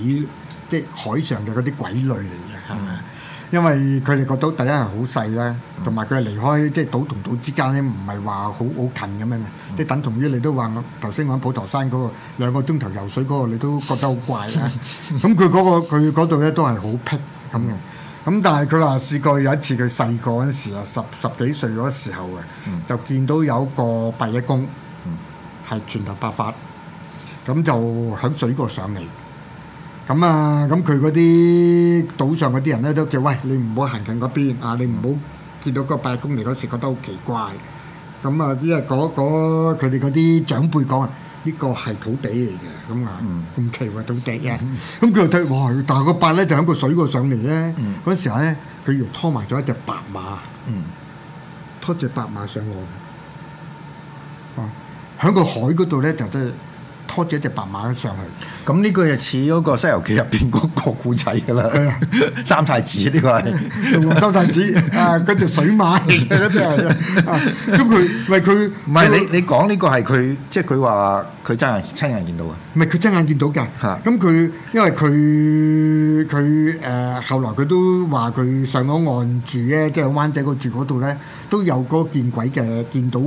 即係海上嘅嗰啲鬼類嚟嘅，係咪？因為佢哋覺得第一係好細啦，同埋佢係離開即係島同島之間咧，唔係話好好近咁樣嘅，即係 等同於你都話我頭先講普陀山嗰個兩個鐘頭游水嗰個，你都覺得好怪啦。咁佢嗰個佢嗰度咧都係好僻咁嘅。咁但係佢話試過有一次佢細個嗰時啊，十十幾歲嗰時候啊，嗯、就見到有個八一公，係、嗯、全頭白髮，咁就響水嗰上嚟。咁啊，咁佢嗰啲島上嗰啲人咧都叫喂，你唔好行近嗰邊啊！你唔好見到個八一公嚟嗰時，覺得好奇怪。咁啊，因為嗰嗰佢哋嗰啲長輩講啊。呢個係土地嚟嘅，咁啊，咁奇怪，土地啊，咁佢、嗯、 就睇，哇！但係個八咧就喺個水個上嚟咧，嗰陣、嗯、時候咧，佢又拖埋咗一隻白馬，嗯、拖隻白馬上岸，喺個、嗯、海嗰度咧就真係～拖住一隻白馬上去，咁呢個就似嗰個《西遊記》入邊嗰個故仔噶啦，啊、三太子呢個係三 太子 啊！嗰隻水馬嚟嘅嗰隻，咁佢咪佢唔係你你講呢個係佢即係佢話佢真係親眼見到啊？咪佢真眼見到嘅，咁佢因為佢佢誒後來佢都話佢上咗岸住咧，即係灣仔嗰住嗰度咧，都有個見鬼嘅見到。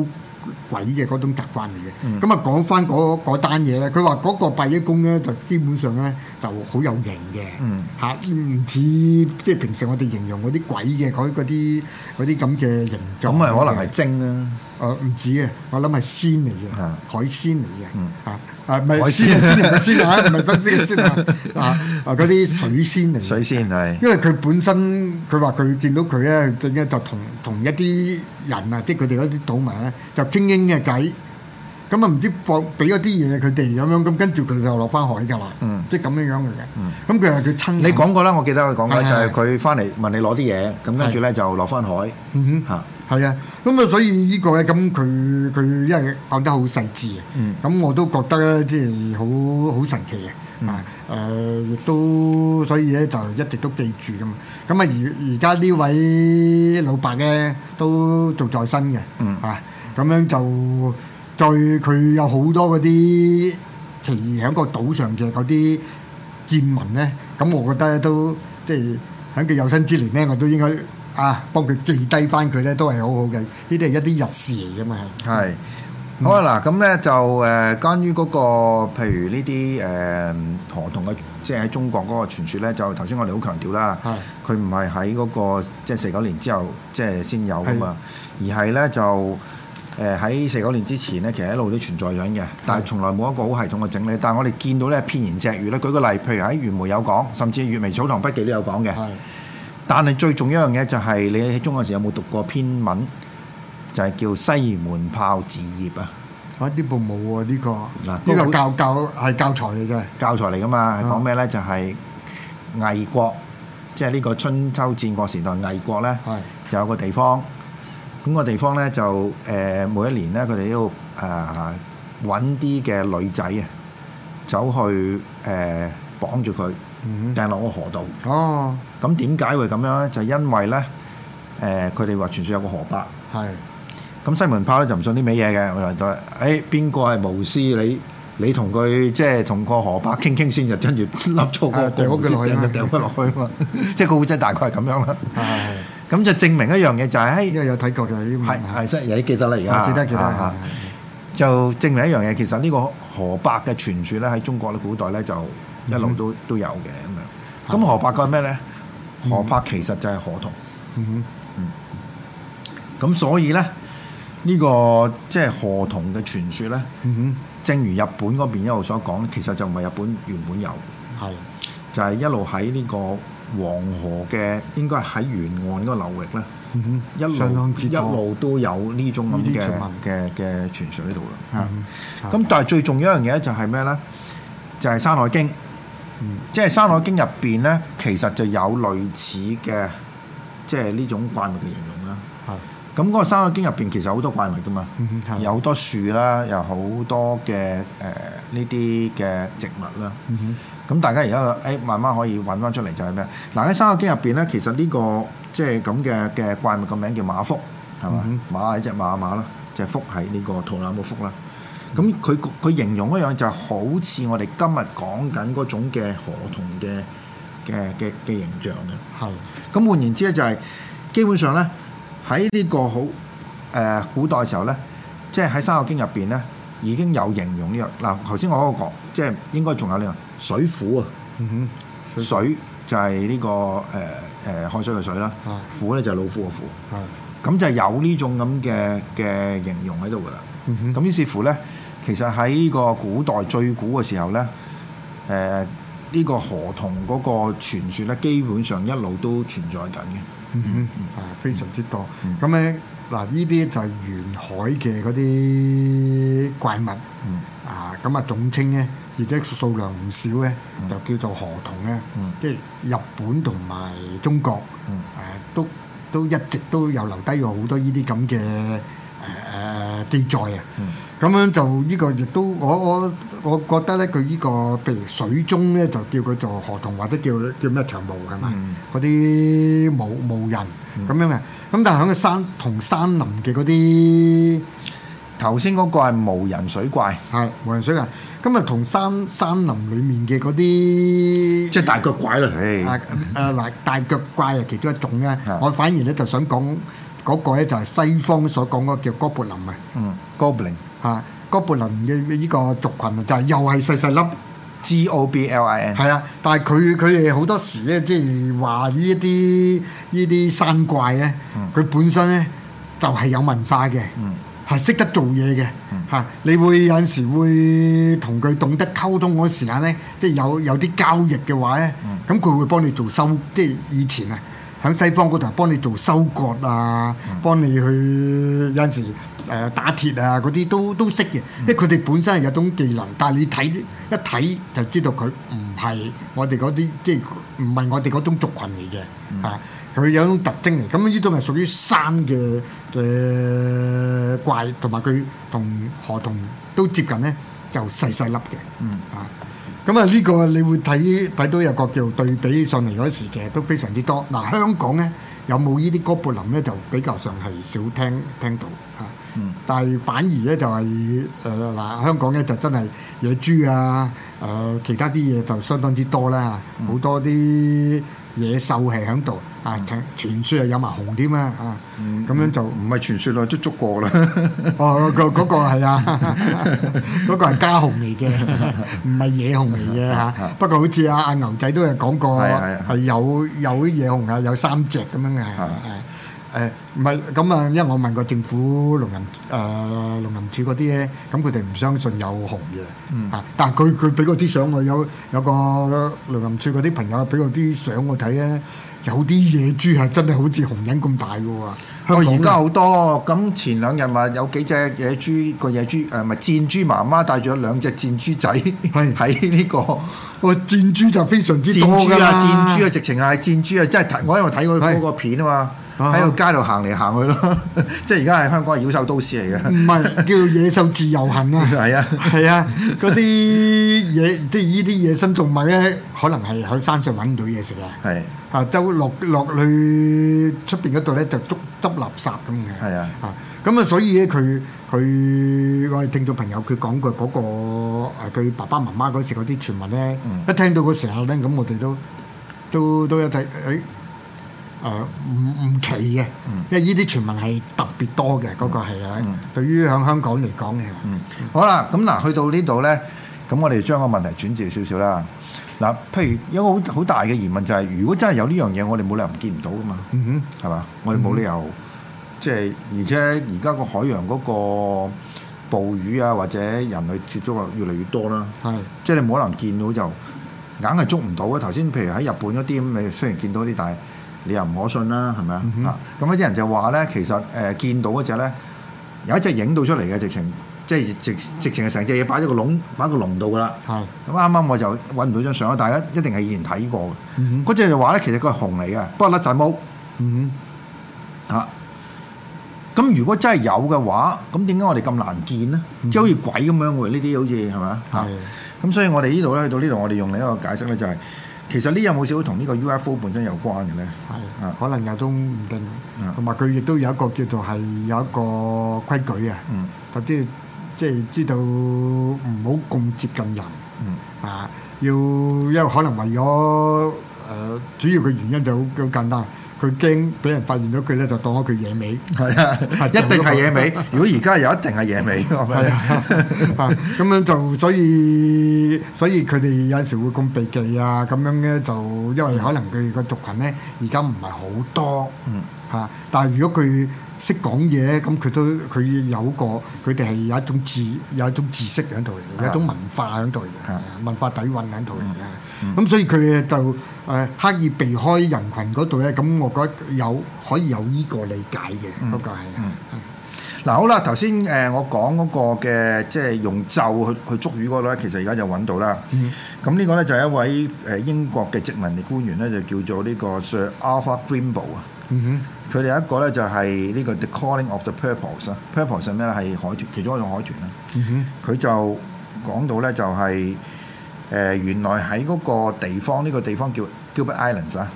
鬼嘅嗰種習慣嚟嘅，咁啊講翻嗰單嘢咧，佢話嗰個拜一公咧就基本上咧就好有型嘅，嗯，吓，唔似即係平時我哋形容嗰啲鬼嘅嗰啲嗰啲咁嘅形狀。咁咪可能係精啊。誒唔、呃、止嘅，我諗係鮮嚟嘅，海鮮嚟嘅嚇，係咪、啊啊、海鮮蜽？海鮮嚇，唔係新鮮嘅鮮嚇， 啊嗰啲水鮮嚟，嘅，水鮮係，因為佢本身佢話佢見到佢咧，陣間就同同一啲人啊，即係佢哋嗰啲島民咧，就傾傾嘅偈。咁啊唔知放俾咗啲嘢佢哋咁樣，咁跟住佢就落翻海㗎啦。即係咁樣樣嘅。嗯，咁佢係佢親，你講過啦，我記得佢講過，就係佢翻嚟問你攞啲嘢，咁跟住咧就落翻海。嗯。係啊，咁啊，所以呢、呢個咧，咁佢佢因為講得好細緻嘅，咁、嗯、我都覺得咧，即係好好神奇嘅，啊、嗯，誒、呃，亦都所以咧就一直都記住咁。咁啊，而而家呢位老伯咧都做在身嘅，嗯、啊，咁樣就對佢有好多嗰啲奇異喺個島上嘅嗰啲見聞咧，咁我覺得都即係喺佢有生之年咧，我都應該。啊！幫佢記低翻佢咧，都係好好嘅。呢啲係一啲日事嚟㗎嘛。係。好啊嗱，咁咧就誒，關於嗰個譬如呢啲誒河童嘅，即係喺中國嗰個傳說咧，就頭先我哋好強調啦。係。佢唔係喺嗰個即係四九年之後即係先有㗎嘛，而係咧就誒喺四九年之前咧，其實一路都存在緊嘅。但係從來冇一個好系統嘅整理。但係我哋見到咧，偏然隻餘咧，舉個例，譬如喺袁枚有講，甚至《閱微草堂筆記》都有講嘅。係。但係最重要一樣嘢就係你喺中國時有冇讀過篇文，就係、是、叫《西門豹治鄴》這個、啊？這個、啊，呢部冇啊，呢個呢個教教係教材嚟嘅，教材嚟噶嘛？係講咩咧？就係、是、魏國，即係呢個春秋戰國時代魏國咧，是就有個地方，咁、那個地方咧就誒、呃、每一年咧佢哋都要誒揾啲嘅女仔啊，走去誒、呃、綁住佢掟落個河度。嗯咁點解會咁樣咧？就因為咧，誒佢哋話傳説有個河伯，係咁西門豹咧就唔信啲咩嘢嘅，我嚟到咧，誒邊個係巫師？你你同佢即係同個河伯傾傾先，就跟住笠咗個，掟咗掟咗落去啊嘛！即係個古仔大概係咁樣啦。係，咁就證明一樣嘢就係，誒有睇過嘅，係係即係有啲記得啦，而家記得記得，就證明一樣嘢。其實呢個河伯嘅傳説咧，喺中國嘅古代咧就一路都都有嘅咁樣。咁河伯個係咩咧？河伯、嗯、其實就係河童，咁、嗯哼嗯、所以呢，呢、這個即係、就是、河童嘅傳說呢，嗯、哼正如日本嗰邊一路所講，其實就唔係日本原本有，係的，就係一路喺呢個黃河嘅，應該係喺沿岸嗰個流域呢，嗯、哼一路一路都有呢種咁嘅嘅嘅傳說喺度，咁但係最重要一樣嘢就係咩呢？就係、是《山海經》。即係《山海經》入邊咧，其實就有類似嘅，即係呢種怪物嘅形容啦。係的，咁嗰個《山海經》入邊其實好多怪物噶嘛，的有好多樹啦，有好多嘅誒呢啲嘅植物啦。咁的大家而家誒慢慢可以揾翻出嚟就係咩？嗱喺《山海經》入邊咧，其實呢、這個即係咁嘅嘅怪物個名叫馬腹，係嘛的、就是，馬係隻馬馬啦，隻腹喺呢個肚腩嗰腹啦。咁佢佢形容一樣就係，好似我哋今日講緊嗰種嘅河童嘅嘅嘅嘅形象嘅的。係。咁換言之咧，就係，就係基本上咧喺呢個好誒古代時候咧，即係喺《三國經》入邊咧已經有形容呢樣嗱。頭先我嗰個講，即係應該仲有呢個水虎啊。嗯、哼。水，水就係呢、呢個誒誒、呃、海水嘅水啦。啊。虎咧，嗯、哼就係老虎嘅虎。係。咁就係有呢種咁嘅嘅形容喺度噶啦。嗯哼。咁於是乎咧～其實喺呢個古代最古嘅時候咧，誒呢個河童嗰個傳說咧，基本上一路都存在緊嘅，啊非常之多。咁咧嗱，呢啲就係沿海嘅嗰啲怪物啊，咁啊總稱咧，而且數量唔少咧，就叫做河童咧，即係日本同埋中國誒都都一直都有留低咗好多呢啲咁嘅誒記載啊。咁樣就呢個亦都我我我覺得咧，佢呢個譬如水中咧，就叫佢做河童或者叫叫咩長毛㗎嘛，嗰啲無無人咁樣嘅。咁但係喺個山同山林嘅嗰啲，頭先嗰個係無人水怪，係無人水怪。咁啊，同山山林裡面嘅嗰啲，即係大腳怪啦。誒誒嗱，大腳怪啊，其中一種啦。我反而咧就想講。嗰個咧就係西方所講嗰個叫哥布林嘅、嗯啊，哥布林嚇，哥布林嘅呢個族群就係、是、又係細細粒，G O B L I N 係啊，但係佢佢哋好多時咧，即係話依啲依啲山怪咧，佢、嗯、本身咧就係、是、有文化嘅，係識、嗯、得做嘢嘅嚇。你會有陣時會同佢懂得溝通嗰時間咧，即、就、係、是、有有啲交易嘅話咧，咁佢、嗯、會幫你做收，即、就、係、是、以前啊。喺西方嗰度幫你做收割啊，嗯、幫你去有陣時誒打鐵啊嗰啲都都識嘅，因為佢哋本身係有種技能，但係你睇一睇就知道佢唔係我哋嗰啲，即係唔係我哋嗰種族群嚟嘅、嗯、啊，佢有種特徵嚟。咁呢種係屬於山嘅誒、呃、怪，同埋佢同河童都接近咧，就細細粒嘅。嗯啊。咁啊，呢個你會睇睇到有個叫對比上嚟嗰時，其實都非常之多。嗱，香港呢有冇呢啲哥布林呢？就比較上係少聽聽到嚇、啊。但係反而呢就係誒嗱，香港呢就真係野豬啊，誒、呃、其他啲嘢就相當之多啦，好、嗯、多啲。野獸係喺度，啊、嗯、傳傳説有埋熊添啊，啊咁樣就唔係傳説啦，即捉過啦。哦，嗰嗰個係啊，嗰個係家熊嚟嘅，唔係野熊嚟嘅嚇。不過好似阿阿牛仔都有講過，係 有有野熊啊，有三隻咁樣嘅，誒誒。 唔係咁啊，因為我問過政府農林誒農、呃、林處嗰啲咧，咁佢哋唔相信有熊嘅嚇。但係佢佢俾嗰啲相我，有有個農林處嗰啲朋友俾我啲相我睇咧，有啲野豬係真係好似熊人咁大嘅喎。香港而家好多咁，前兩日話有幾隻野豬，個野豬誒咪箭豬媽媽帶住兩隻箭豬仔，喺呢係、呢個個箭、哦、豬就非常之多嘅啦。箭豬、啊、箭豬啊，直情係箭豬啊，真係我因為睇過嗰個片啊嘛。喺度、哦、街度行嚟行去咯，即係而家係香港係妖獸都市嚟嘅。唔係叫野獸自由行 啊！係 啊，係啊，嗰啲野即係依啲野生動物咧，可能係喺山上搵唔到嘢食是啊。係啊，周落落去出邊嗰度咧，就捉執垃圾咁嘅。係啊，啊咁啊，所以咧佢佢我哋聽眾朋友佢講過嗰個佢爸爸媽媽嗰時嗰啲傳聞咧，嗯、一聽到嗰時候咧，咁我哋都都都有睇誒。誒唔唔奇嘅，因為呢啲傳聞係特別多嘅。嗰、嗯、個係喺、嗯、對於喺香港嚟講嘅。好啦，咁、嗯、嗱，去到呢度咧，咁我哋將個問題轉接少少啦。嗱，譬如有個好好大嘅疑問就係、是，如果真係有呢樣嘢，我哋冇理由唔見唔到噶嘛？嗯、哼，係嘛？我哋冇理由、嗯、哼即係而且而家個海洋嗰個捕魚啊，或者人類接觸啊，越嚟越多啦。是即係你冇可能見到就硬係捉唔到啊。頭先譬如喺日本嗰啲咁，你雖然見到啲，但係你又唔可信啦，係咪啊？咁嗰啲人就話咧，其實誒見到嗰隻咧，有一隻影到出嚟嘅，直情即係直直情係成隻嘢擺咗個籠擺喺個籠度噶啦。係咁啱啱我就搵唔到張相，大家一定係以前睇過嘅。嗰隻就話咧，其實佢係熊嚟嘅，不過甩曬毛。嗯、咁如果真係有嘅話，咁點解我哋咁難見呢？即係好似鬼咁樣喎！呢啲好似係咪啊？係。咁所以我哋呢度咧，去到呢度，我哋用另一個解釋咧，就係。其實呢有冇少同呢個 UFO 本身有關嘅咧，啊是的 可能都是的 有都唔定，同埋佢亦都有一個叫做係有一個規矩啊，或者即係知道唔好咁接近人，嗯、啊要因為可能為咗誒、呃、主要嘅原因就好好簡單。佢驚俾人發現咗佢咧，就當咗佢野味。係 啊， 一定係野味。如果而家有一定係野味，咁樣就所以所以佢哋有陣時會咁避忌啊，咁樣咧就因為可能佢個族群咧而家唔係好多。嗯，但係如果佢識講嘢，咁佢都佢有個佢哋係有一種知有一種知識喺度嚟，嗯、有一種文化喺度嚟，嗯嗯、文化底蘊喺度嚟嘅。嗯咁所以佢就誒刻意避開人群嗰度咧，咁我覺得有可以有依個理解嘅嗰個係啦。嗱，好啦，頭先誒我講嗰個嘅即係用咒去去捉魚嗰度咧，其實而家就揾到啦。咁呢個咧就係一位誒英國嘅殖民嘅官員咧，就叫做呢個 Sir Arthur Grimble 啊。佢哋有一個咧就係呢個 The Calling of the Porpoise 啊。Porpoise 係咩咧？係海豚，其中一種海豚啦。佢就講到咧，就係。誒原來喺嗰個地方，呢個地方叫叫 Islands 啊？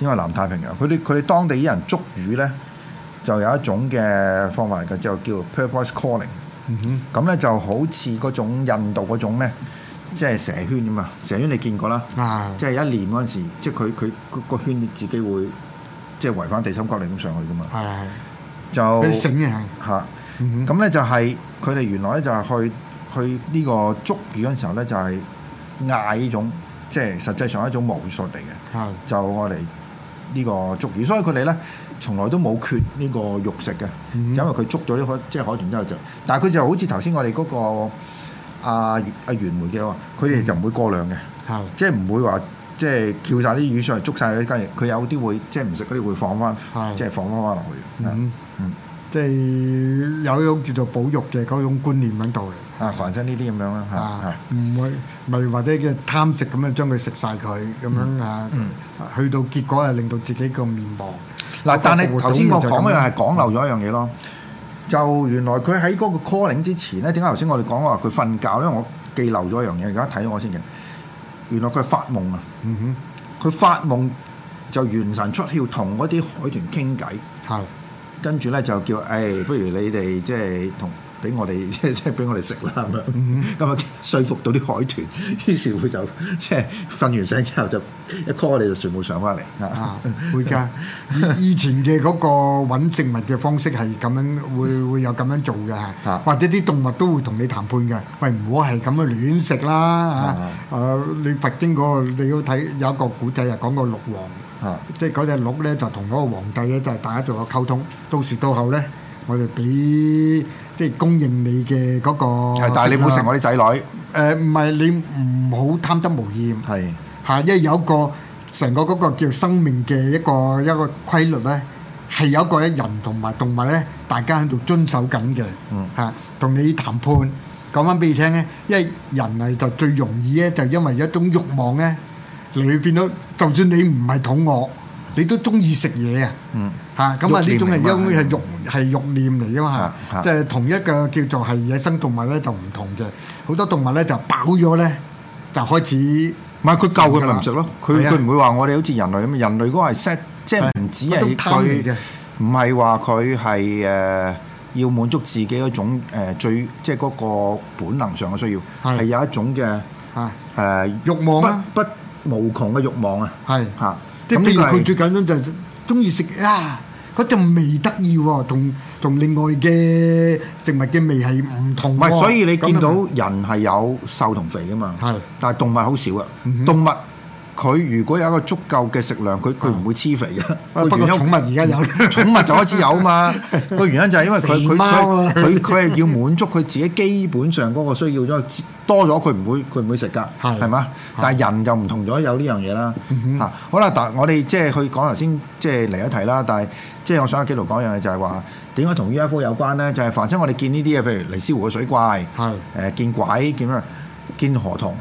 因為南太平洋，佢哋佢哋當地啲人捉魚咧，就有一種嘅方法嚟嘅，就叫 purpose calling。咁咧就好似嗰種印度嗰種咧，即係蛇圈㗎嘛，蛇圈你見過啦，即係一年嗰陣時，即係佢佢個圈自己會即係圍翻地心引力咁上去㗎嘛。就醒嘅嚇，咁咧就係佢哋原來咧就係去去呢個捉魚嗰陣時候咧就係。嗌呢種即係實際上係一種巫術嚟嘅，的就我哋呢個捉魚，所以佢哋咧從來都冇缺呢個肉食嘅，嗯、就因為佢捉咗啲海即係海豚之後就，但係佢就好似頭先我哋嗰、那個阿阿元梅嘅話，佢哋就唔會過量嘅的，即係唔會話即係撬晒啲魚上嚟捉晒嗰啲雞肉，佢有啲會即係唔食嗰啲會放翻，的即係放翻翻落去。嗯嗯。即係有種叫做保育嘅嗰種觀念喺度嚟，啊，反正呢啲咁樣啦，嚇，唔會咪或者叫貪食咁樣將佢食曬佢咁樣嚇，去到結果係令到自己個面龐嗱。但係頭先我講一樣係講漏咗一樣嘢咯，就原來佢喺嗰個 calling 之前咧，點解頭先我哋講話佢瞓覺咧？我記漏咗一樣嘢，而家睇到我先嘅，原來佢發夢啊，嗯哼，佢發夢就元神出竅同嗰啲海豚傾偈，係。跟住咧就叫，誒、哎，不如你哋即係同俾我哋，即係即係俾我哋食啦，咁咪？咁啊，説服到啲海豚，於是會就即係瞓完醒之後就一 call，你就全部上翻嚟、啊啊。會噶，以前嘅嗰個揾食物嘅方式係咁樣，會會有咁樣做嘅。啊、或者啲動物都會同你談判嘅。喂，唔好係咁樣亂食啦嚇！嗯啊，嗯、啊，你佛經嗰個你要睇有一個古仔啊，講個六王。啊！即係嗰隻鹿咧，就同嗰個皇帝咧，就係大家做個溝通。到時到後咧，我哋俾即係供應你嘅嗰個，但係你唔好成我啲仔女。誒唔係，你唔好貪得無厭。係嚇，因為有一個成個嗰個叫生命嘅一個一個規律咧，係有一個人同埋動物咧，大家喺度遵守緊嘅。嗯嚇，同你談判講翻俾你聽咧，因為人係就最容易咧，就因為一種慾望咧。嚟去變咗，就算你唔係肚餓，你都中意食嘢啊！嗯，嚇咁啊，呢種係一種係慾係慾念嚟啊嘛，即係同一個叫做係野生動物咧就唔同嘅，好多動物咧就飽咗咧就開始，唔係佢夠佢唔食咯，佢佢唔會話我哋好似人類咁啊！人類嗰個係 set，即係唔止係佢，唔係話佢係誒要滿足自己嗰種誒最即係嗰個本能上嘅需要，係有一種嘅誒慾望啊！不無窮嘅慾望是啊！係嚇是，咁譬如佢最簡單就係中意食啊，嗰隻味得意喎，同同另外嘅食物嘅味係唔同，哦。唔係，所以你見到人係有瘦同肥噶嘛？係是，但係動物好少啊。嗯、哼動物佢如果有一個足夠嘅食量，佢佢唔會黐肥嘅。嗯、不過寵物而家有， 寵物就開始有啊嘛。個 原因就係因為佢佢佢佢係要滿足佢自己基本上嗰個需要咗。多咗佢唔會佢唔會食㗎，係嘛的？但係人就唔同咗，有呢樣嘢啦。嚇、嗯哼，好啦，但我哋即係去講頭先，即係嚟一提啦。但係即係我想喺幾度講一樣嘢，就係話點解同 UFO 有關咧？就係凡係我哋見呢啲嘢，譬如尼斯湖嘅水怪，係誒的、呃、見鬼見咩見河童，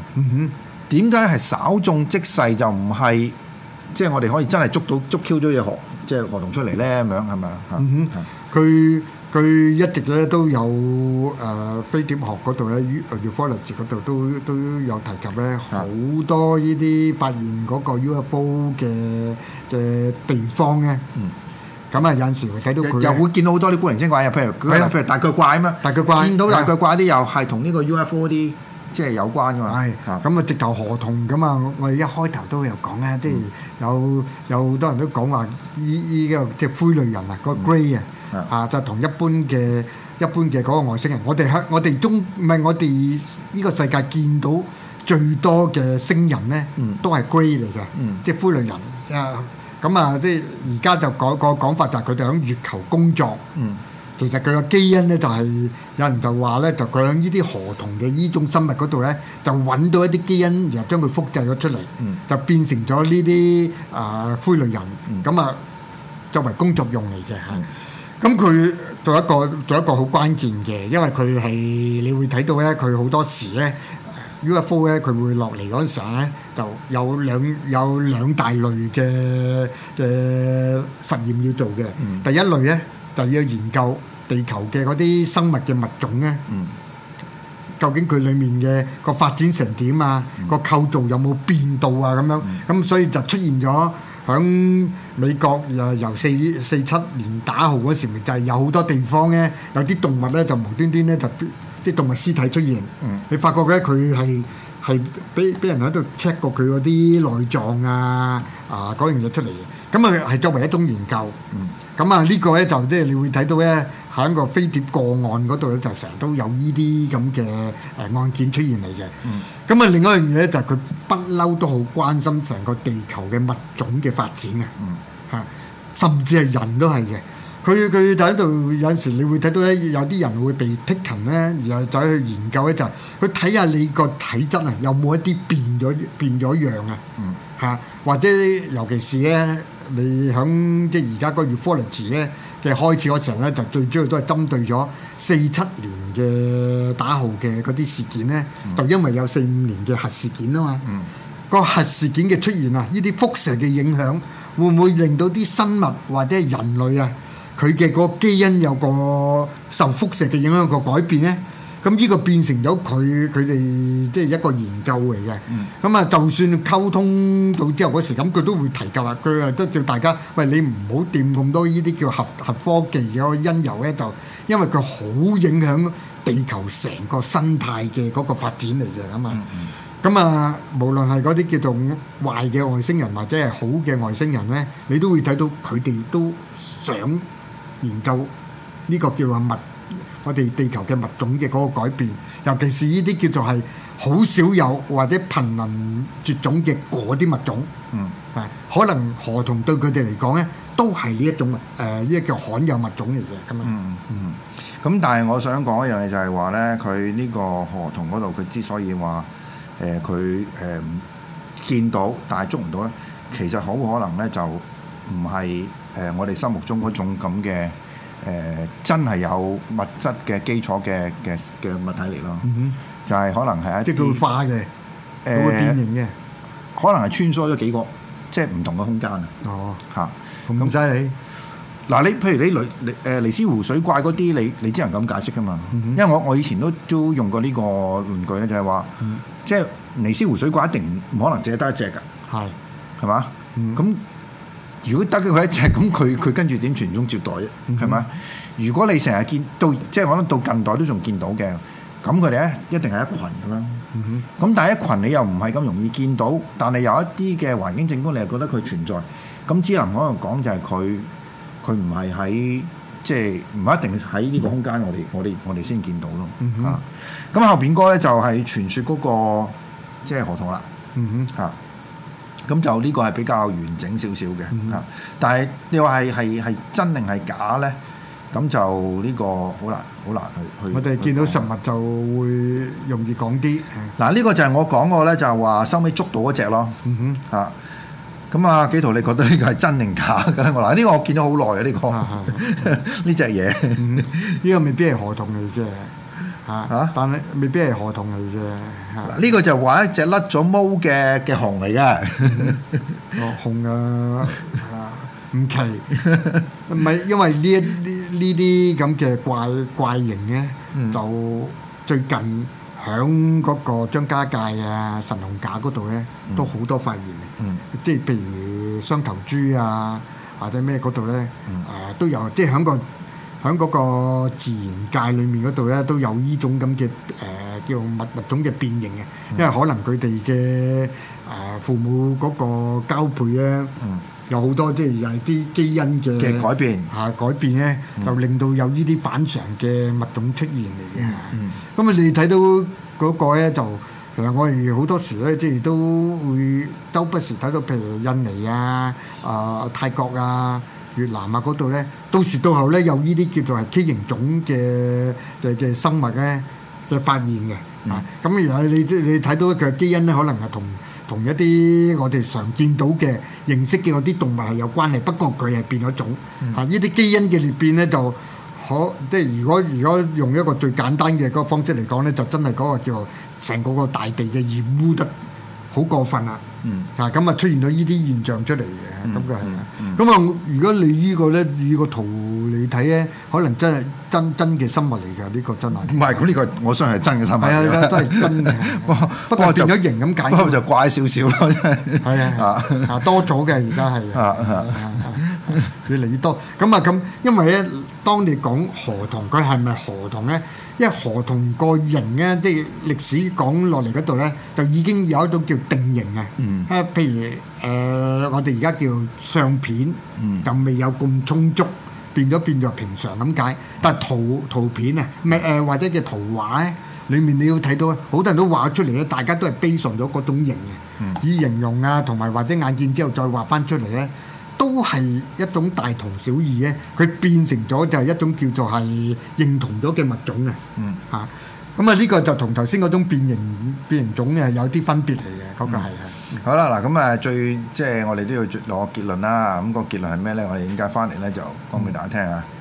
點解係稍縱即逝就唔係即係我哋可以真係捉到捉 Q 咗嘢河即係、就是、河童出嚟咧？咁樣係咪啊？佢。佢一直咧都有誒、呃、飛碟學嗰度咧，U UFO 嗰度都都有提及咧，好多呢啲發現嗰個 UFO 嘅嘅地方咧。嗯。咁啊，有陣時會睇到佢。又會見到好多啲古靈精怪啊，譬如譬如大腳怪啊嘛，大腳怪。見到大腳怪啲又係同呢個 UFO 啲即係、就是、有關㗎嘛。係。咁啊，啊直頭河童㗎嘛，我哋一開頭都有講咧，即、就、係、是、有、嗯、有好多人都講話依依個即係灰類人,人啊，個 grey 啊。 啊！就同一般嘅一般嘅嗰個外星人，我哋喺我哋中唔係我哋呢個世界見到最多嘅星人咧，嗯、都係 grey 嚟嘅，嗯、即係灰類人。咁啊，啊，即係而家就講、那個講法就係佢哋喺月球工作。嗯、其實佢個基因咧就係、是、有人就話咧，就佢喺呢啲河童嘅呢種生物嗰度咧，就揾到一啲基因，然後將佢複製咗出嚟，嗯、就變成咗呢啲啊灰類人。咁啊，作為工作用嚟嘅嚇。嗯嗯咁佢做一個做一個好關鍵嘅。因為佢係你會睇到咧，佢好多時咧，UFO 咧佢會落嚟嗰陣時咧，就有兩有兩大類嘅嘅實驗要做嘅。嗯、第一類咧就要研究地球嘅嗰啲生物嘅物種咧，嗯、究竟佢裡面嘅個發展成點啊，個、嗯、構造有冇變動啊咁樣，咁、嗯、所以就出現咗。響美國又由四四七年打號嗰時，咪就係有好多地方咧，有啲動物咧就無端端咧就啲動物屍體出現。嗯，你發覺咧，佢係係俾俾人喺度 check 過佢嗰啲內臟啊啊嗰樣嘢出嚟嘅，咁啊係作為一種研究。嗯。咁啊，呢個咧就即係你會睇到咧，喺個飛碟個案嗰度咧，就成日都有呢啲咁嘅誒案件出現嚟嘅。咁啊，另外一樣嘢咧就係佢不嬲都好關心成個地球嘅物種嘅發展啊。嚇，嗯、甚至係人都係嘅。佢佢就喺度有陣時，你會睇到咧，有啲人會被剔 e s 咧，然後走去研究一就佢睇下看看你個體質啊，有冇一啲變咗變咗樣啊？嚇，嗯、或者尤其是咧。你響，即係而家個月 UFOlogy 咧嘅開始嗰時候咧，就最主要都係針對咗四七年嘅打號嘅嗰啲事件咧，就因為有四五年嘅核事件啊嘛。嗯、個核事件嘅出現啊，呢啲輻射嘅影響會唔會令到啲生物或者人類啊，佢嘅個基因有個受輻射嘅影響個改變咧？咁呢個變成咗佢佢哋即係一個研究嚟嘅。咁啊，就算溝通到之後嗰時咁，佢都會提及啦。佢啊即係叫大家：喂，你唔好掂咁多呢啲叫核核科技嘅因由咧，就因為佢好影響地球成個生態嘅嗰個發展嚟嘅咁啊。咁啊，無論係嗰啲叫做壞嘅外星人或者係好嘅外星人咧，你都會睇到佢哋都想研究呢個叫啊物。我哋地球嘅物種嘅嗰個改變，尤其是呢啲叫做係好少有或者瀕臨絕種嘅嗰啲物種，嗯，係可能河童對佢哋嚟講咧，都係呢一種誒呢一個叫罕有物種嚟嘅，咁啊，嗯嗯，咁但係我想講一樣嘢就係話咧，佢呢個河童嗰度佢之所以話誒佢誒見到但係捉唔到咧，其實好可能咧就唔係誒我哋心目中嗰種咁嘅。誒真係有物質嘅基礎嘅嘅嘅物體嚟咯，就係可能係一即係佢會化嘅，佢會變形嘅，可能係穿梭咗幾個即係唔同嘅空間啊！哦，嚇咁犀利！嗱，你譬如你雷尼斯湖水怪嗰啲，你你只能咁解釋噶嘛？因為我我以前都都用過呢個論據咧，就係話即係尼斯湖水怪一定唔可能淨得一隻噶，係係嘛？咁。如果得佢佢一隻，咁佢佢跟住點傳宗接代啫？係咪？Mm hmm. 如果你成日見到，即、就、係、是、我諗到近代都仲見到嘅，咁佢哋咧一定係一群嘅啦。咁、mm hmm. 但係一群，你又唔係咁容易見到，但係有一啲嘅環境證據，你又覺得佢存在，咁只能可能講就係佢佢唔係喺即係唔一定喺呢個空間我，我哋我哋我哋先見到咯。Mm hmm. 啊，咁後邊哥咧就係、是、傳說嗰、那個即係河童啦。哼、就、嚇、是。Mm hmm. 啊咁就呢個係比較完整少少嘅，啊、嗯哼！但係你話係係係真定係假咧？咁就呢個好難好難去。我哋見到實物就會容易講啲。嗱、嗯哼，呢個就係我講個過咧，就係話收尾捉到嗰隻咯。啊！咁啊， 紀陶、嗯哼？你覺得呢個係真定假？咁我嗱，呢個我見咗好耐啊，呢個呢隻嘢，呢個未必係河童嚟嘅。啊！但係未必係河童嚟嘅，呢個就話一隻甩咗毛嘅嘅熊嚟嘅。熊啊，唔奇，唔係因為呢一呢呢啲咁嘅怪怪形咧，就最近喺嗰個張家界啊、神龍架嗰度咧，都好多發現，即係譬如雙頭豬啊，或者咩嗰度咧，啊都有，即係喺個。喺嗰個自然界裏面嗰度咧，都有呢種咁嘅誒，叫做物物種嘅變形嘅，因為可能佢哋嘅誒父母嗰個交配咧，嗯、有好多即係又係啲基因嘅嘅改變嚇、嗯啊、改變咧，就令到有呢啲反常嘅物種出現嚟嘅。咁啊、嗯，你睇到嗰個咧，就其實我哋好多時咧，即係、都會周不時睇到，譬如印尼啊、誒、呃、泰國啊。越南啊，嗰度咧，到時到後咧，有依啲叫做係畸形種嘅嘅嘅生物咧，就發現嘅啊。咁原來你你睇到佢基因咧，可能係同同一啲我哋常見到嘅認識嘅嗰啲動物係有關係，不過佢係變咗種啊。依啲基因嘅裂變咧，就可即係如果如果用一個最簡單嘅嗰個方式嚟講咧，就真係嗰個叫做成個個大地嘅染污得。好過分啦，啊咁啊出現到呢啲現象出嚟嘅，咁嘅係咁啊，就係嗯、如果你呢、呢個咧以個圖嚟睇咧，可能真係真真嘅生物嚟㗎，呢、呢個真係。唔係，咁呢個我相信係真嘅生物。係啊，都係真嘅。 不過，不過變咗型咁解。不過就怪少少。係啊 多咗嘅而家係。 越嚟越多，咁啊咁，因為咧，當你講河童，佢係咪河童咧？因為河童個形咧，即係歷史講落嚟嗰度咧，就已經有一種叫定型嘅。嗯。譬如誒、呃，我哋而家叫相片，嗯、就未有咁充足，變咗變作平常咁解。但係圖圖片啊，咪、呃、誒或者叫圖畫咧，裡面你要睇到，好多人都畫出嚟咧，大家都係背熟咗嗰種形嘅。嗯、以形容啊，同埋或者眼見之後再畫翻出嚟咧。都係一種大同小異嘅，佢變成咗就係一種叫做係認同咗嘅物種、嗯、啊！這個、種種嗯，嚇咁啊，呢個就同頭先嗰種變形變形種咧係有啲分別嚟嘅，嗰個係好啦，嗱咁啊，最即係我哋都要攞結論啦。咁、那個結論係咩咧？我哋而家翻嚟咧就講俾大家聽啊！嗯